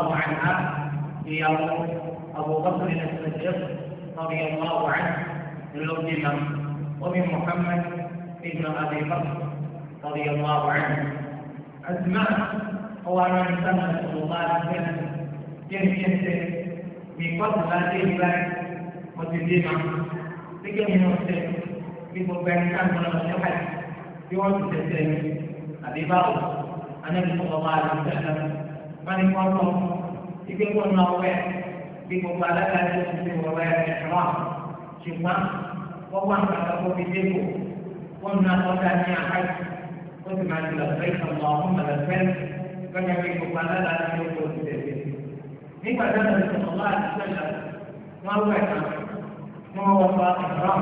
الله عنها في أبو بكر الصديق رضي الله عنه بن الدمر ومن محمد بن أبي بكر رضي الله عنه أسماء هو من سنة صلى الله عليه وسلم جنسيته بفضل هذه البلد والدمر في السن كان من الشحن في وقت السن أبي بكر النبي صلى الله عليه وسلم wọ́n ní wọ́n lọ ibi kó nà wẹ̀ bí gbogbo alága ti ti ti wọ̀ wẹ̀ ẹ̀rọ ṣùgbọ́n wọ́n wà ní àkókò bíi débò wọ́n nà ọ̀dà ní àhàjì ó sì máa ti lọ́sẹ̀ ìtọ́lọ́ ọ̀hún mọ̀lẹ́fẹ́ lọ́jà bí gbogbo alága ti ti wọ̀ ti tẹ̀lé. nígbà tó lọ sí ọ̀lá àti sẹ́lẹ̀ wọ́n wẹ̀ kàn wọ́n wọ pa ẹ̀rọ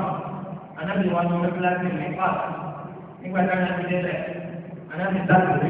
anábì wọn ní wọ́n fi láti rìn pa nígbà tó lọ sí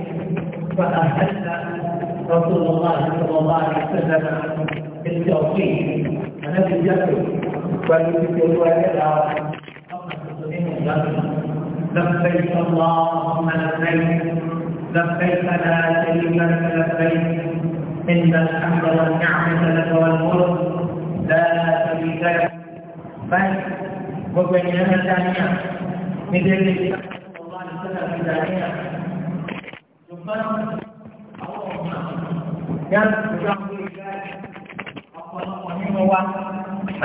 فأهل رسول الله صلى الله عليه وسلم بالتوفيق أنا بالجسد والذي الوالد لبيك اللهم لبيك لبيك لا شريك لك لبيك إن الحمد والنعمة لك والملك لا شريك لك بل من ذلك صلى الله عليه وسلم ثانية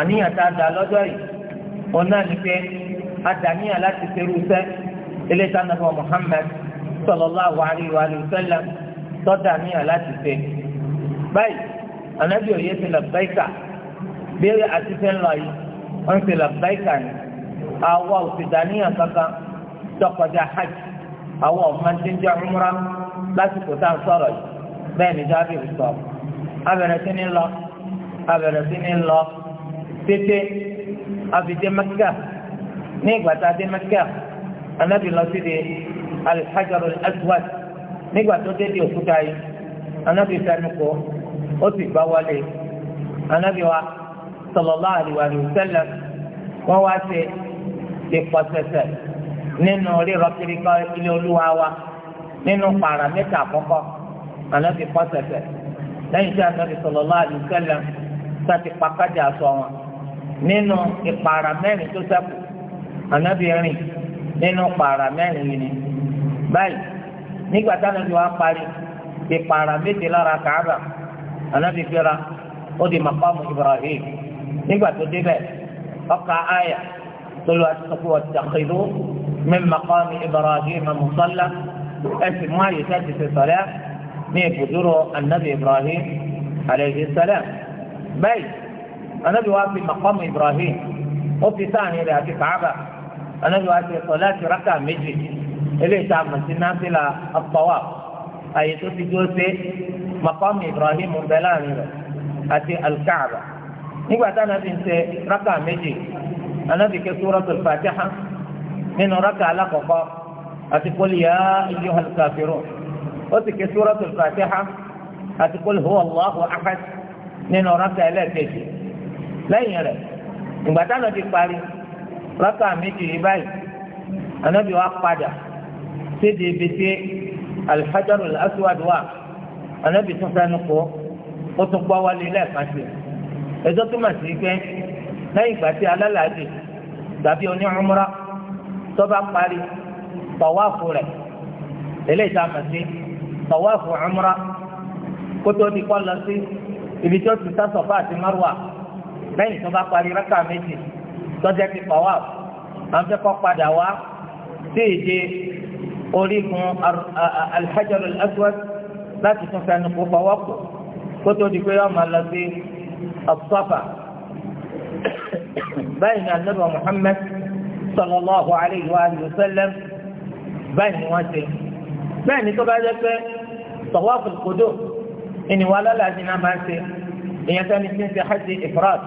àníyàn tá a dà lọ́jọ́ yìí òun náà ni pé a dà níyàn láti ṣerú iṣẹ́ eléta nàbọ̀ Muhammad sallallahu alaihi wa sallam tọ́da níyàn láti ṣe. báyìí ànábì òye ti labbaika béèrè àti ṣe ń lọ yìí wọ́n ti labbaika ni àwa ò ti dà níyàn kankan tọkọjá hajj àwa ò máa ti ń jẹ́ umrah lásìkò tá à ń sọ̀rọ̀ yìí bẹ́ẹ̀ ni jábìr sọ abẹ̀rẹ̀ sí ni lọ abẹ̀rẹ̀ sí ni lọ tètè àfìdé mẹ́kà ní ìgbà tá a dé mẹ́kà anábì lọ sí di alhajarul aswad nígbà tó dé di òkúta yìí anábì sẹ́nu kọ́ ó sì gbá wọlé anábì wa sallallahu alaihi wa wọ́n wá ṣe ìpọ̀sẹ̀sẹ̀ nínú rírọ kiri ká ilé olúwa wa nínú paramẹ́tà àkọ́kọ́ ànábì pọ́sẹ̀sẹ̀ lẹ́yìn tí ànábì sallallahu alaihi wasallam sáti pàkájà sọ wọn nínú ìpara mẹ́rin tó sẹ́kù ànábì rìn nínú para mẹ́rin yìí ni báyìí nígbà tánábì wa parí ìpara méje lára kàába ànábì gbéra ó di maqamu Ibrahim nígbà tó débẹ̀ ọkà àyà tó lọ àti sọ́kù wa takhidhu min Ibrahim musalla ẹsìn mú àyè sáà ti ṣe sọ̀rẹ́ ní ibùdúró anabi ibrahim alayhi salam bẹ́ẹ̀ anabi wa fi maqam ibrahim ó fi sáàrin rẹ̀ àti kàába anabi wa ti sọ̀rẹ́ àti rákà méjì eléyìí tá a mọ̀ sí náfìlà àpọ̀wà àyè tó ti dúró sí maqam ibrahim bẹ́ẹ̀ láàrin rẹ̀ àti alkaaba nígbà tá anabi ń ṣe rákà méjì anabi ké suratul fatiha nínú rákà alákọ̀ọ́kọ́ àti qul ya ayyuhal kafirun ó sì ké suratul fatiha àti qul huwa allahu ahad nínú rákà ẹlẹ́ẹ̀kejì lẹ́yìn rẹ̀ ìgbà táwọn ti parí rákà méjì yìí báyìí ànábì wa padà séde ibi tí alhajarul aswad wà ànábì tún sanu kó ó tún gbọ́ wálé lẹ́ẹ̀kan sí i ẹjọ́ túmọ̀ sí pé lẹ́yìn ìgbà tí alálàájì tàbí oní umra tó bá parí tọ̀wáfù rẹ̀ eléyìí tá a mọ̀ sí tọ̀wáfù umra kótó ti kọ́ lọ sí ibi tó ti sásọ̀ fún àti márùwà lẹ́yìn tó bá parí rákà méjì tọ́jẹ́ ti tọ̀wáfù à ń fẹ́ kọ́ padà wá sí ìdí orígun alhajar al-aswad láti tún fẹnu kó fọwọ́pọ̀ kótó di pé yọ máa lọ sí as báyìí ni anabi muhammed sallallahu alayhi wa sallam báyìí ni wọ́n ṣe bẹ́ẹ̀ ni tó bá jẹ́ pé tọ̀wáfù kòdó ìníwá lálàájì náà máa ń ṣe ìyẹn sẹ́ni tí ń ṣe hajj ifrad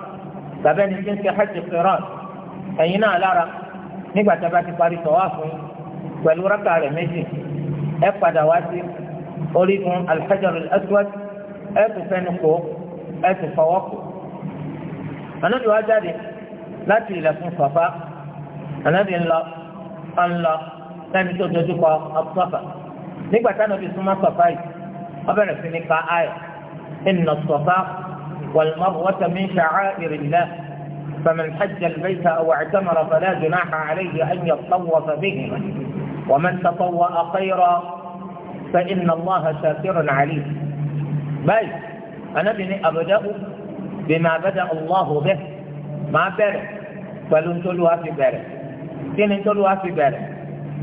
bàbá ẹni tí ń ṣe hajj qiran ẹ̀yin náà lára nígbà tí a bá ti parí tọ̀wáfù pẹ̀lú rákà rẹ̀ méjì ẹ padà wá sí orígun alhajar aswad ẹ tún fẹ́nu kó ẹ tún fọwọ́ kó anabi láti ilẹ̀kùn Safa anabi ńlọ ńlọ. sani tó dojú kọ ọsọfà nígbà táwọn òbí súnmọ́ sọfà yìí ọbẹ̀rẹ̀ sí ní ká ayọ̀ inna sọfà والمروة من شعائر الله فمن حج البيت أو اعتمر فلا جناح عليه أن يطوف بهما ومن تطوأ خيرا فإن الله شاكر عليم بل أنا بني أبدأ بما بدأ الله به ما بره بل انتلوها في بره كين انتلوها في بره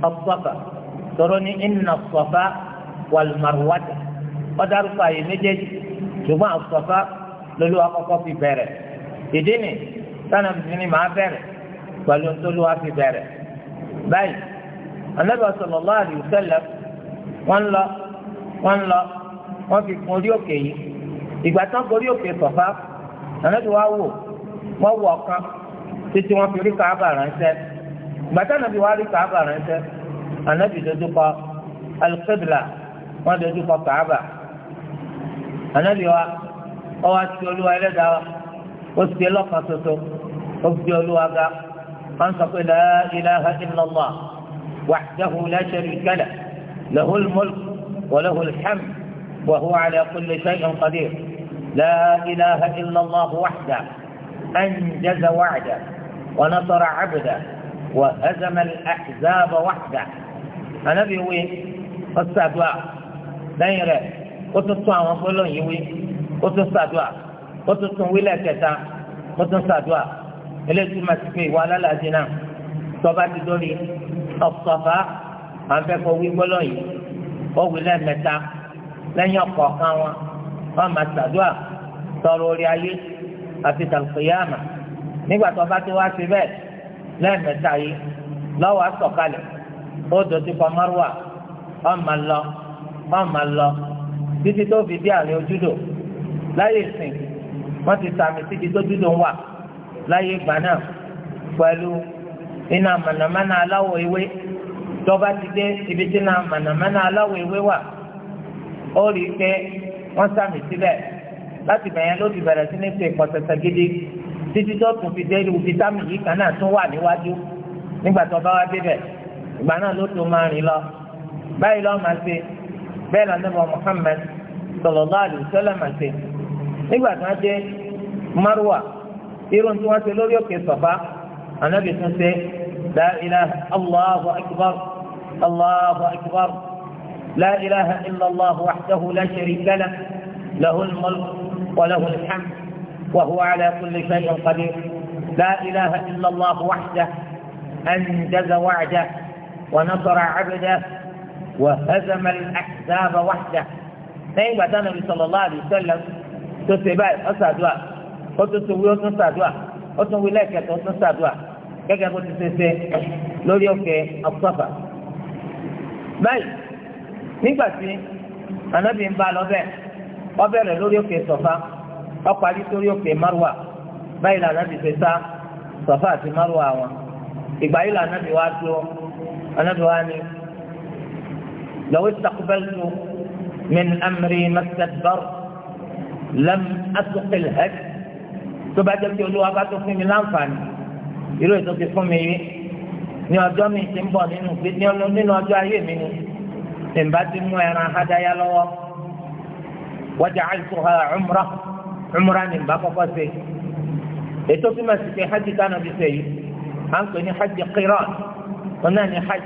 as-Safa tọrọ ní inna as-Safa wal Marwata ọ̀dàrúkọ àyè méjèèjì ṣùgbọ́n as-Safa lólu akọ́kọ́ fi bẹ̀rẹ̀ ìdí ni sani bisimi máa bẹ̀rẹ̀ pẹ̀lú ntolu wa fi bẹ̀rẹ̀ báyìí Ànábì sallallahu alaihi wasallam wọ́n lọ wọ́n lọ wọ́n fi kún orí òkè yìí ìgbà tán gorí òkè Safa Ànábì wa wò wọ́n wọ̀ kan títí wọ́n fi rí Kaaba ránṣẹ́ gbàtà nàbí wàá rí kàába ránṣẹ́ ànábì dojú kọ alqibla wọn dojú kọ kàába ànábì wa ọwọ́ àti olúwa ẹlẹ́dàá wa ó sì ẹ lọ́kàn soso ó fi olúwa ga wọn sọ pé la ilaha illallah wahdahu la sharika lah lahul mulk wa lahul hamd wa huwa ala kulli shay'in qadir la ilaha illallah wahdahu anjaza wa'dahu wa nasara 'abdahu. وهزم الأحزاب وحده النبي وي فالسادوا لين رأي وتطوى وقلون يوي وتستادوا وتطوى ولا كتا وتستادوا eléyìí máa ti pé ìwà alálàájì náà tọ́ba ti dórí ọ̀sọ̀fà àfẹ́kọ̀ọ́ wíwọ́lọ́ yìí wọ́n wí lẹ́ẹ̀mẹ́ta lẹ́yìn ọ̀kọ̀ọ̀kan wọn wọ́n máa ṣàdúrà tọrọ orí ayé àti tàlùkìyàmà nígbà tọ́ba ti wá sí bẹ́ẹ̀ lẹ́ẹ̀mẹ́ta yìí lọ́wọ́ asọ̀kalẹ̀ ó dọ̀tí kọ márùwà ọ̀mà lọ ọ̀mà lọ títí tó fi dé àárín ojúdò láyé ìsìn wọ́n ti sàmì síbi tó dúdò wà láyé ìgbà náà pẹ̀lú iná mànàmáná aláwọ̀ ewé tọ́ba ti dé ibi tí iná mànàmáná aláwọ̀ ewé wà ó rí i pé wọ́n sàmì láti gidi. títí tó tún fi dé ibi táàmì yìí kan náà tún wà níwájú nígbà tó bá wá débẹ̀ ìgbà náà ló tó máa rìn lọ báyìí lọ́ọ́ máa ṣe bẹ́ẹ̀ lọ́nàbọ̀ Muhammad sallallahu alaihi wasallam máa ṣe nígbà tó wọ́n dé Marwa irun tí wọ́n ṣe lórí òkè Safa anabi tún ṣe la ilaha allahu akbar allahu akbar la ilaha illallah wahdahu la sharika lahu lahu al-mulk وهو على كل شيء قدير لا إله إلا الله وحده أنجز وعده ونصر عبده وهزم الأحزاب وحده lẹ́yìn ìgbà tí Ànábì sallallahu alaihi wasallam tó ṣe báyìí ó ṣàdúà ó tún tún wí ó tún ṣàdúà ó tún wí lẹ́ẹ̀kẹta ó tún ṣàdúà gẹ́gẹ́ bó ti ṣe ṣe lórí òkè Safa. báyìí nígbà tí Ànábì ń bá lọ bẹ́ẹ̀ ó bẹ̀rẹ̀ lórí òkè Safa ọparí sórí òkè márùwà báyìí lànà ti fẹ́ sá sọ̀fà àti márùwà wọn ìgbà yìí lànà ti wá dúró ànábi wá ní lọ́wọ́ ìsàkúbẹ́lú min amri mẹ́tẹ́dọ́r lẹ́m asọ́kẹ́lẹ̀ hẹ́t tó bá jẹ́ kí olúwa bá tó fún mi láǹfààní irú ètò ti fún mi yìí ní ọjọ́ mi ti ń bọ̀ nínú nínú ọjọ́ ayé mi ni ìbá ti mú ẹran hádáyà lọ́wọ́ wọ́n jẹ́ àìsùn ha umrah umra ni bá kọ́kọ́ ṣe ètò tí màá sì ṣe hajj tánà bí ṣe yìí à ń pè ní hajj qiran wọn náà ní hajj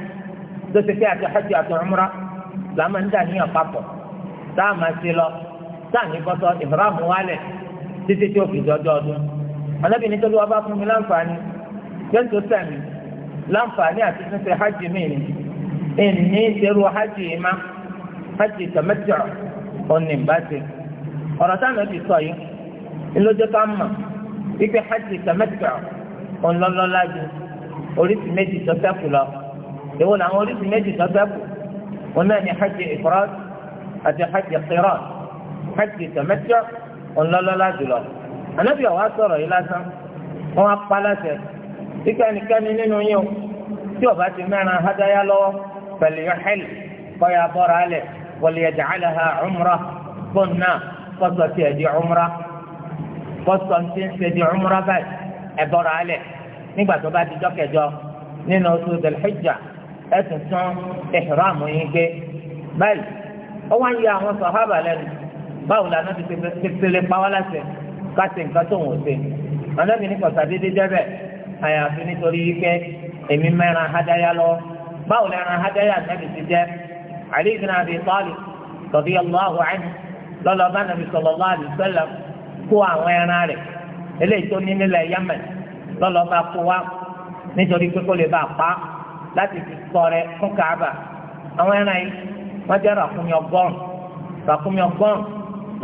tó ṣe pé àti hajj àti umra là máa ń dà ní àpapọ̀ tá a máa ṣe lọ tá a ní bọ́tọ̀ ìfúráàmù wálẹ̀ títí tí ó fi dọ́jọ́ ọdún alábìnrin tó ló wá bá fún mi láǹfààní yóò tó sẹ́mi láǹfààní àti ṣíṣe hajj mi ni ìní ìṣerú hajj yìí má hajj tamattu òní ìbáṣe ọ̀rọ̀ táwọn ti sọ yìí ńlọ́jọ́ ká mọ̀ wípé hajj tẹ̀mẹ́tẹ̀ ọ̀nlọ́lọ́lá ju oríṣi méjì sọ́sẹ́kù lọ èwo làwọn oríṣi méjì sọ́sẹ́kù wọn náà ní hajj ifrad àti hajj qiran hajj tẹ̀mẹ́tẹ̀ ọ̀nlọ́lọ́lá jùlọ ànábì ọ̀wá sọ̀rọ̀ yìí lásán wọn á pa láṣẹ wípé ẹnikẹ́ni nínú yín tí ó ti mẹ́ran hádáyà lọ́wọ́ pẹ̀lú yọ̀hẹ́lì kọ́ ya bọ́ra alẹ̀ wọ́n yẹ kọ́sọ̀ tí ẹ̀ di umra kọ́sọ̀ tí ń ṣe di umra báyìí ẹ̀ bọ̀rọ̀ alẹ̀ nígbà tó bá di jọ́kẹjọ nínú oṣù Dhul-Hijjah ẹ̀ tún tún ìhìrámù yín gbé báyìí ó wá ń yẹ àwọn sàhábà lẹ́nu báwo la náà ti tẹ̀lé pa wá láṣẹ ká ṣe nǹkan tó wọ́n ṣe ọ̀nàbí ní kọ̀sà dédé dẹ́bẹ̀ àyàfi nítorí wípé èmi mẹ́ran hádáyà lọ báwo lẹ́ran hádáyà náà ti jẹ́ Ali ibn Abi Talib radiyallahu anhu lọ́lọ́ bá nàbí sallallahu alaihi wasallam kó àwọn ẹran rẹ̀ eléyìí tó ní nílẹ̀ Yemen lọ́lọ́ bá kó wa nítorí pé kó lè bá a pa láti fi sọrẹ fún Kaaba àwọn ẹran yìí wọ́n jẹ́ ràkúnmí ọgọ́rùn ràkúnmí ọgọ́rùn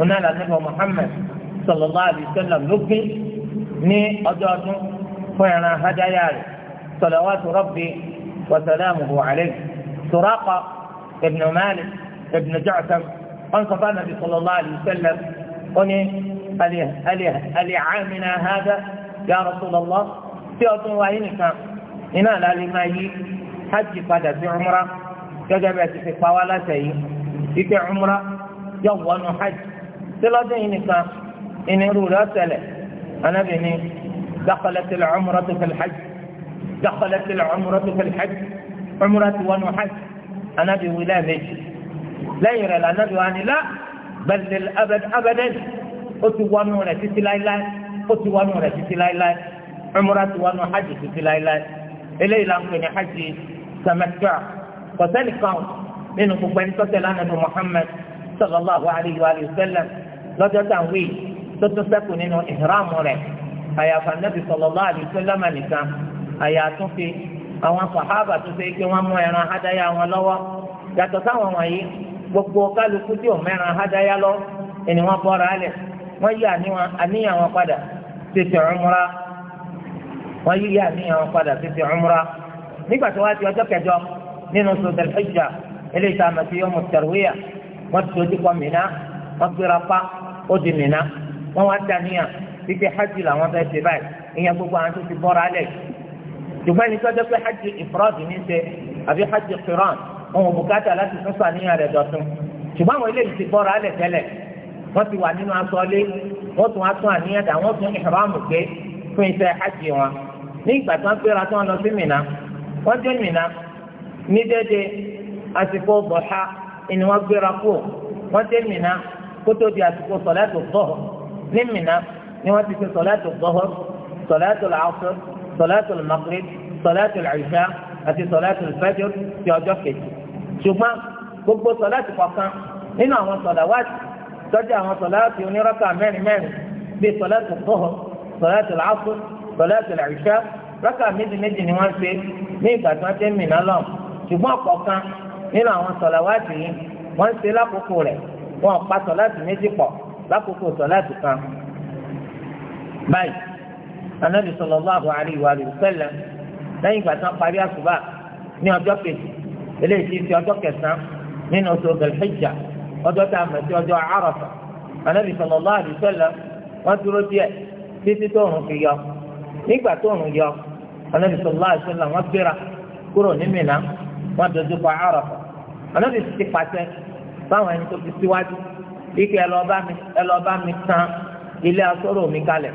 onáà lànàbọ̀ Muhammad sallallahu alaihi wasallam ló gbé ní ọjọ́ ọdún fún ẹran hádáyà rẹ̀ salawatu wa salamuhu alayhi Suraqa ibn wọ́n sọ fún anabi sallallahu alaihi wasallam ó ní àlìhàmìnà hàdà ya Rasulullah tí ọdún wáyé nìkan iná àlàlẹ́ máa yí hajj padà sí umra gẹ́gẹ́ bẹ́ẹ̀ ti fi pa wá láṣẹ yìí ike umra yọ wọnú hajj tí lọ́dún yìí nìkan ìnirú rẹ̀ ọ̀sẹ̀lẹ̀ anabi ní dakhalat al-umratu fil hajj dakhalat al-umratu fil hajj umra ti wọnú hajj anabi wílẹ̀ méjì lẹ́yìn rẹ̀ lànàbí wa ni lá bẹ̀rẹ̀ abẹ́dẹ́ ó ti wọnú rẹ̀ títí láíláí ó ti wọnú rẹ̀ títí láíláí ẹmúra ti wọnú hajj títí láíláí eléyìí la ń pè ní hajj tamattu kọ̀sẹ́nì kan nínú gbogbo ẹni tọ́tẹ̀ lánàbí Muhammad sallallahu alayhi wa sallam lọ́jọ́ tàwí tó tún sẹ́kù nínú ìhìrámù rẹ̀ àyàfà nàbì sallallahu alayhi wa sallam nìkan àyà àtúnfi àwọn sàhábà tó ṣe yàtọ̀ sáwọn wọ̀nyí gbogbo kálukú tí ò mẹ́ran hádáyá lọ ẹni wọ́n bọ́ra alẹ̀ wọ́n yí àníyàn wọn padà tètè ọmúra wọ́n yí àníyàn wọn padà tètè ọmúra nígbà tó wá di ọjọ́ kẹjọ nínú sọdẹ̀lì ẹ̀jà eléyìí tá a mọ̀ sí ọmọ tẹ̀rùwíyà wọ́n ti dojú kọ Mínà wọ́n gbéra pa ó di Mínà wọ́n wá dàníyàn títí hajj làwọn fẹ́ ṣe báyìí ìyẹn gbogbo wọn ò bùkátà láti tún sàníyàn rẹ̀ dọ̀tun ṣùgbọ́n àwọn eléyìí ti bọ́ra alẹ̀ tẹ́lẹ̀ wọ́n ti wà nínú asọ́lé wọ́n tún atún àníyàn dà wọ́n tún ìhàbámu gbé fún iṣẹ́ hajj wọn ní ìgbà tí wọ́n gbéra tí wọ́n lọ sí Mínà wọ́n dé Mínà ní dédé àsìkò bọ̀ṣá ni wọ́n gbéra kú wọ́n dé Mínà kó tó di àsìkò sọ̀látù dọ́họ̀ ní Mínà ni wọ́n ti fi sọ̀látù dọ́họ̀ sọ̀látù làásù sọ̀látù màkìrì sọ̀látù ìṣá àti sọ̀látù fájr ti ọjọ́ kejì ṣùgbọ́n gbogbo sọ̀láàtì kọ̀ọ̀kan nínú àwọn sọ̀láwàtì tọ́jú àwọn sọ̀láàtì onírọ́kà mẹ́rin mẹ́rin bíi sọ̀láàtì tọ́họ̀ sọ̀láàtì làásù sọ̀láàtì làìṣá rọ́kà méjì méjì ni wọ́n ṣe ní ìgbà tí wọ́n ti ń mìíràn lọ ṣùgbọ́n kọ̀ọ̀kan nínú àwọn sọ̀láwàtì yìí wọ́n ṣe lákòókò rẹ̀ wọ́n pa sọ̀láàtì méjì pọ̀ lákòókò sọ̀láàtì kan báyìí anabi sallallahu alaihi wa sallam lẹ́yìn ìgbà tí wọ́n parí àsùbà ní ọjọ́ kejì eléyìí ti fi ọjọ́ kẹsàn-án nínú oṣù gẹ̀lẹ́jà ọjọ́ tá a mọ̀ sí ọjọ́ àràfà anábì sallallahu alaihi wasallam wọ́n dúró díẹ̀ títí tóòrùn fi yọ nígbà tóòrùn yọ anábì sallallahu alaihi wasallam wọ́n gbéra kúrò ní Mínà wọ́n dojú kọ àràfà anábì ti pàṣẹ báwọn ẹni tó fi síwájú ike ẹlọ́ba mi tán ilé asọ́rọ̀ mi kalẹ̀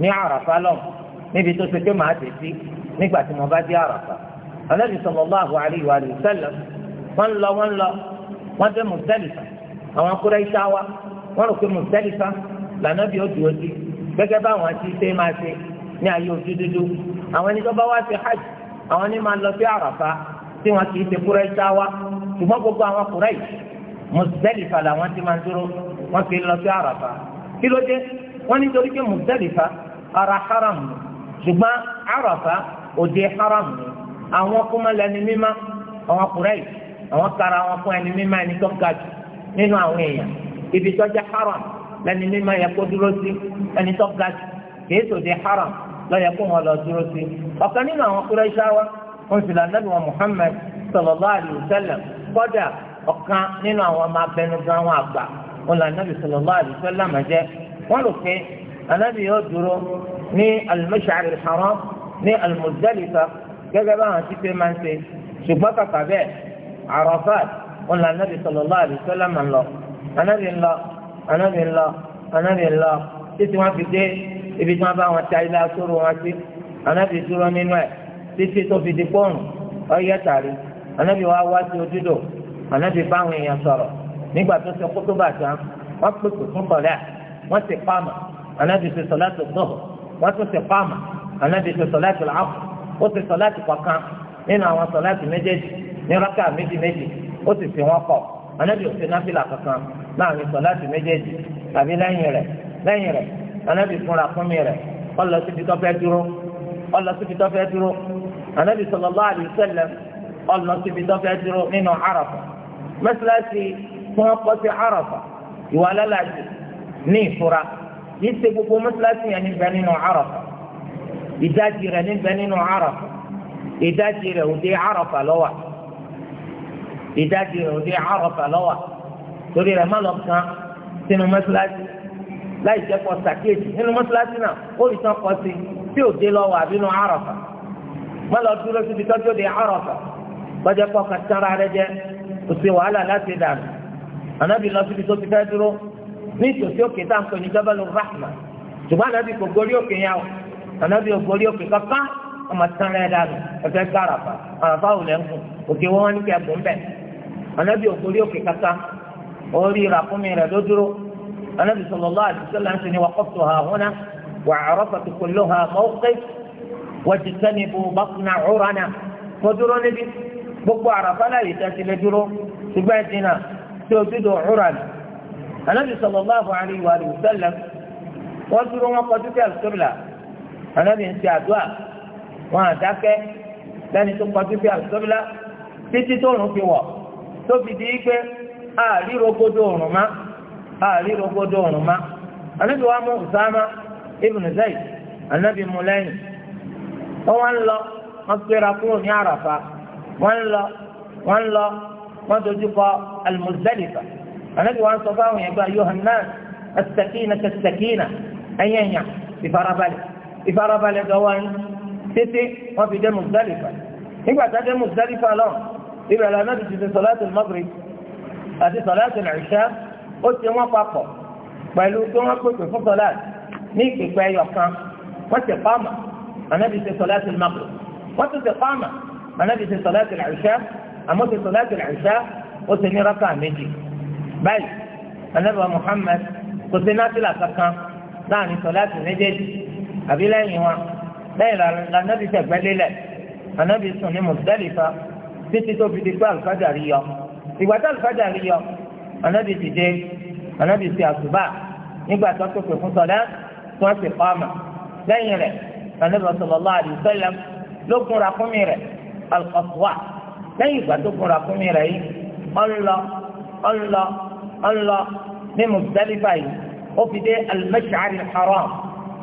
ní àràfà lọ́wọ́ níbi tó ṣe pé màá tẹ̀ sí nígbà tí mo bá dé àràfà anabi sallallahu alayhi wa sallam wọn lọ wọn lọ wọn dé Muzdalifa àwọn Quraysh wa wọn rò pé Muzdalifa lànàbí ó dúró sí gẹ́gẹ́ báwọn ti ṣe máa ṣe ní ayé ojú dúdú àwọn ẹni tó bá wá ṣe hajj àwọn ẹni máa lọ sí àràfà tí wọn kì í ṣe Quraysh wa ṣùgbọ́n gbogbo àwọn Quraysh Muzdalifa làwọn ti máa dúró wọn kì í lọ sí àràfà kí ló dé wọn nítorí pé Muzdalifa ara haram ṣùgbọ́n àràfà òde haram ni àwọn kúmọ lẹni mímá àwọn kùrẹ́ì àwọn kara wọn fún ẹni mímá ẹni tó ga jù nínú àwọn èèyàn ibi tó jẹ́ haram lẹni mímá yẹ kó dúró sí ẹni tó ga jù kìí sòdì haram lọ yẹ kó wọn lọ dúró sí ọ̀kan nínú àwọn kúrẹ́ì ṣáwá wọn sì lànà bí wọn Muhammad sallallahu alaihi wasallam kọ́dà nínú àwọn ọmọ abẹnugan àwọn àgbà wọn là nàbì sallallahu alaihi wasallam jẹ́ wọ́n rò pé ànábì yóò dúró ní al haram ní al-Muzdalifa gẹ́gẹ́ báwọn ti ṣe máa ń ṣe ṣùgbọ́n kàkà bẹ́ẹ̀ Arafat wọn là nàbì sallallahu alaihi wasallam máa ń lọ anábì ń lọ anábì ń lọ anábì ń lọ títí wọn fi dé ibi tí wọn bá wọn ta ilé asóró wọn sí anábì dúró nínú ẹ títí tó fi di pọ́ùn ọyẹ tàrí anábì wa wá sí ojúdò anábì báwọn èèyàn sọ̀rọ̀ nígbà tó ṣe kótó bàtà wọn pèsè fún kọlẹ́à wọn ti pàmò anábì ṣe sọ̀lá tó gbọ̀ wọn tún ṣe pàmò anábì ṣe sọ̀lá tó làákùn ó ti sọláàtì kọ̀ọ̀kan nínú àwọn sọláàtì méjèèjì ní rákà méjì méjì ó sì fi wọn kọ̀ anábì ò ṣe náfìlà kankan láàrin sọláàtì méjèèjì tàbí lẹ́yìn rẹ̀ lẹ́yìn rẹ̀ anábì fúnra fún mi rẹ̀ ó lọ síbi tó fẹ́ dúró ó lọ síbi tó fẹ́ dúró anábì sallallahu alaihi wasallam ó síbi tó fẹ́ dúró nínú Àràfà mẹ́sàlásì tí wọ́n sí Àràfà ìwà alálàájì ní ìfura yìí ṣe gbogbo mẹ́sàlásì yẹn níbẹ̀ nínú Àràfà ìdajì rẹ̀ níbẹ̀ nínú Àràfà ìdajì rẹ̀ òde Àràfà lọ́wà ìdajì rẹ̀ òde Àràfà lọ́wà torí rẹ̀ má lọ kan sínú mọ́ṣáláṣí láì jẹ́ kó sàkéèjì nínú mọ́ṣáláṣí náà ó rí tán kọ́ sí tí òde lọ́wà nínú Àràfà má lọ dúró síbi tọ́jú òde Àràfà kọjá kọ́ ka tara rẹ jẹ kò sí wàhálà láti dànù ànábì lọ síbi tó ti fẹ́ dúró ní ìtòsí òkè tá ní Jabalur Rahma ṣùgbọ́n ànábì kò gorí òkè yẹn o ànábì ògbórí òkè kankan ọmọ tán rẹ dànù ẹgbẹ gbàràfà àràfà ò lẹ́nkùn òkè wọn ní kí ẹgùn bẹ ànábì ògbórí òkè kankan orí ràkúnmí rẹ ló dúró ànábì sallallahu alaihi wasallam ní waqaftuha huna wa arafatu kulluha mawqif wajtanibu batna urana mo dúró níbi gbogbo àràfà láyé tẹ́sílẹ̀ dúró ṣùgbọ́n ẹ̀dínà tí ojú dò urana ànábì sallallahu alaihi wasallam wọ́n dúró wọn kọjú sí àlùsọ́bìlà ànábì ń ṣe àdúrà wọn àdákẹ́ lẹ́ni tó kọjú sí àlùsọ́bílá títí tó rùn fi wọ̀ tó fi di pé àárí rogodo òrùn má àárí rogodo òrùn má ànábì wa mú Usama ibn Zayd ànábì mú lẹ́yìn wọ́n wá ń lọ wọ́n péra kúrò ní àràfà wọ́n ń lọ wọ́n lọ wọ́n dojú kọ Al-Muzdalifa wa ń sọ fáwọn yẹn gba yohanan as-sakinata as-sakinata ìfarabalẹ̀ dọ́wọ́ ń tètè wọ́n fi dé Muzdalifa nígbà tá dé Muzdalifa lọ ìbẹ̀rẹ̀ náà ti ti ṣe sọ̀láàtì Maghrib àti sọ̀láàtì Isha ó ti wọ́n papọ̀ pẹ̀lú pé wọ́n pèpè fún sọ̀láàtì ní ìpèpè ẹyọ kan wọ́n ti pàmà ànábi ṣe sọ̀láàtì Maghrib wọ́n ti ti pàmà ànábi ṣe sọ̀láàtì Isha àmọ́ ṣe sọ̀láàtì Isha ó ti ní rákà méjì báyìí ànábi wa kò sí náà àbí lẹ́yìn wọn lẹ́yìn lànàbí tẹ̀gbẹ́lélẹ̀ lànàbí sùn ní Muzdalifa títí tó fi di pé àlùfáàjà rí yọ ìgbà tó àlùfáàjà rí yọ lànàbí dìde lànàbí ti àsùbà nígbà tó tó pè fún sọ̀dá tí wọ́n ti pa ọmọ lẹ́yìn rẹ̀ lànàbí sallallahu alaihi wasallam ló kúnra fún mi rẹ̀ al lẹ́yìn ìgbà tó kúnra fún mi rẹ̀ yìí ọ̀nlọ ọ̀nlọ ọ̀nlọ ní Muzdalifa yìí ó fi dé al-Mash'ar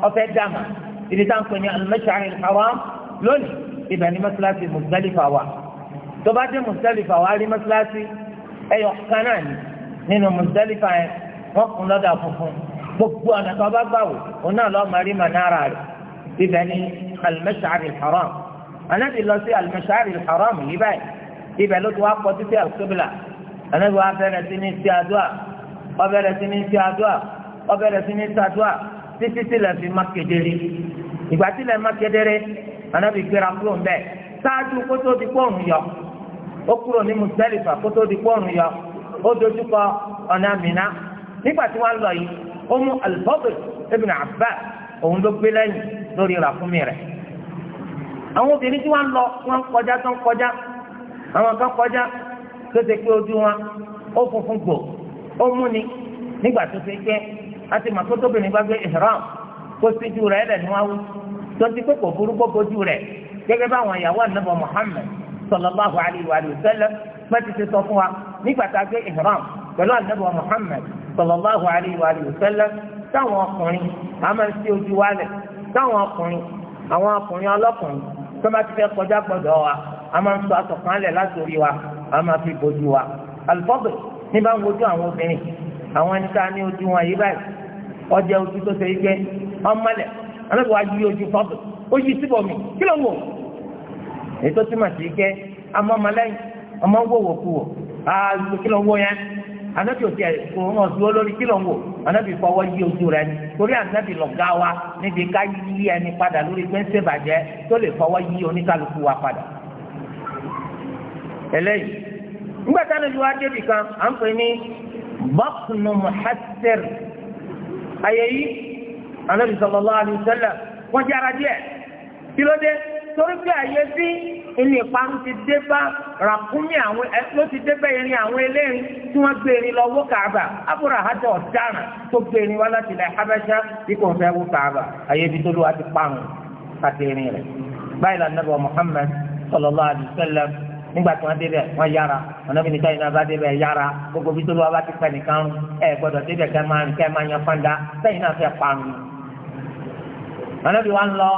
ọfẹ́ dàmà ibi tá à ń pè ní al-mash'ar al-haram lónìí ibà ní mọ́sálásí Muzdalifa wa tó bá dé Muzdalifa wa rí mọ́sálásí ẹyọ kan náà ni nínú Muzdalifa yẹn wọ́n kún lọ́dà funfun gbogbo ọ̀nà tó bá gbà wò òun náà lọ́ọ́ máa rí manara rẹ̀ ibà ní al-mash'ar al-haram anábì lọ sí al haram yìí báyìí ibà ló ti wá pọ̀ títí al anábì wá bẹ̀rẹ̀ sí ní sí adúà ọ títí tí lè fi má kedere ìgbà tí lè má kedere anabi gbéra kúrò mbẹ sáájú kótó di pọ́ọ̀rùn yọ ó kúrò ní Muzdalifa kótó di pọ́ọ̀rùn yọ ó dojúkọ ọ̀nà Mina nígbà tí wọ́n lọ yìí ó mú Al-Fadl ibn Abbas òun ló gbé lẹ́yìn lórí ràkúnmí rẹ̀ àwọn obìnrin tí wọ́n lọ wọ́n kọjá tó ń kọjá àwọn kan kọjá tó ṣe pé ojú wọn ó funfun gbò ó múni nígbà tó ṣe pé àti màkótóbìnrin bá gbé ihram kó síjú rẹ̀ ẹ̀dẹ̀ ni wọ́n wú tó ti pé kò burú kó bójú rẹ̀ gẹ́gẹ́ báwọn ìyàwó ànábọ̀ Muhammad sallallahu alayhi wa sallam bá ti ṣe sọ fún wa nígbà tá a gbé ihram pẹ̀lú ànábọ̀ Muhammad sallallahu alayhi wa sallam táwọn ọkùnrin a máa ń ṣí ojú wálẹ̀ táwọn ọkùnrin àwọn ọkùnrin ọlọ́kùnrin tó bá ti fẹ́ kọjá gbọ́dọ̀ wa a máa ń sọ aṣọ kan lẹ̀ wa a máa fi bójú wa alùpàgbé ní ń wojú àwọn obìnrin àwọn ẹni tá a ní ojú wọn yìí báyìí ọjà ojú tó ṣe gbẹ ọmọlẹ alágbèwà yí ojú fọbù ó yí síbọ mi kí ló ń wò ètò tí mà sí ọmọ ń wòwò kú wò ààrùn kí ló ń wò yẹn anabi òsì ẹ̀kọ́ wọn wa níbi ká yí ẹni padà lórí pé ń tó lè yí wa padà بطن محسر أي أي النبي صلى الله عليه وسلم وجرى جاء كيلو دي torí pé àyè sí ilé ìparun ti dé bá ràkúnmí àwọn ló ti dé bá irin àwọn eléyìí tí wọ́n gbé irin lọ wó kàába abúlé àhájọ ọ̀daràn tó gbé irin wá láti ilẹ̀ habẹ́sẹ́ bí fẹ́ wó kàába àyè ibi tó ti parun àti rẹ̀ báyìí lànà bọ̀ Muhammad sallallahu alaihi wasallam nígbà tí wọ́n débẹ̀ wọ́n yára ọ̀nà bí nìkan ìnáwó bá débẹ̀ yára gbogbo bí tó lọ́wọ́ bá ti pẹ́ nìkan rún ẹ gbọ́dọ̀ débẹ̀ kẹ́ máa rìn kẹ́ máa yan fanda sẹ́yìn náà fẹ́ parun. ọ̀nà bí wọ́n lọ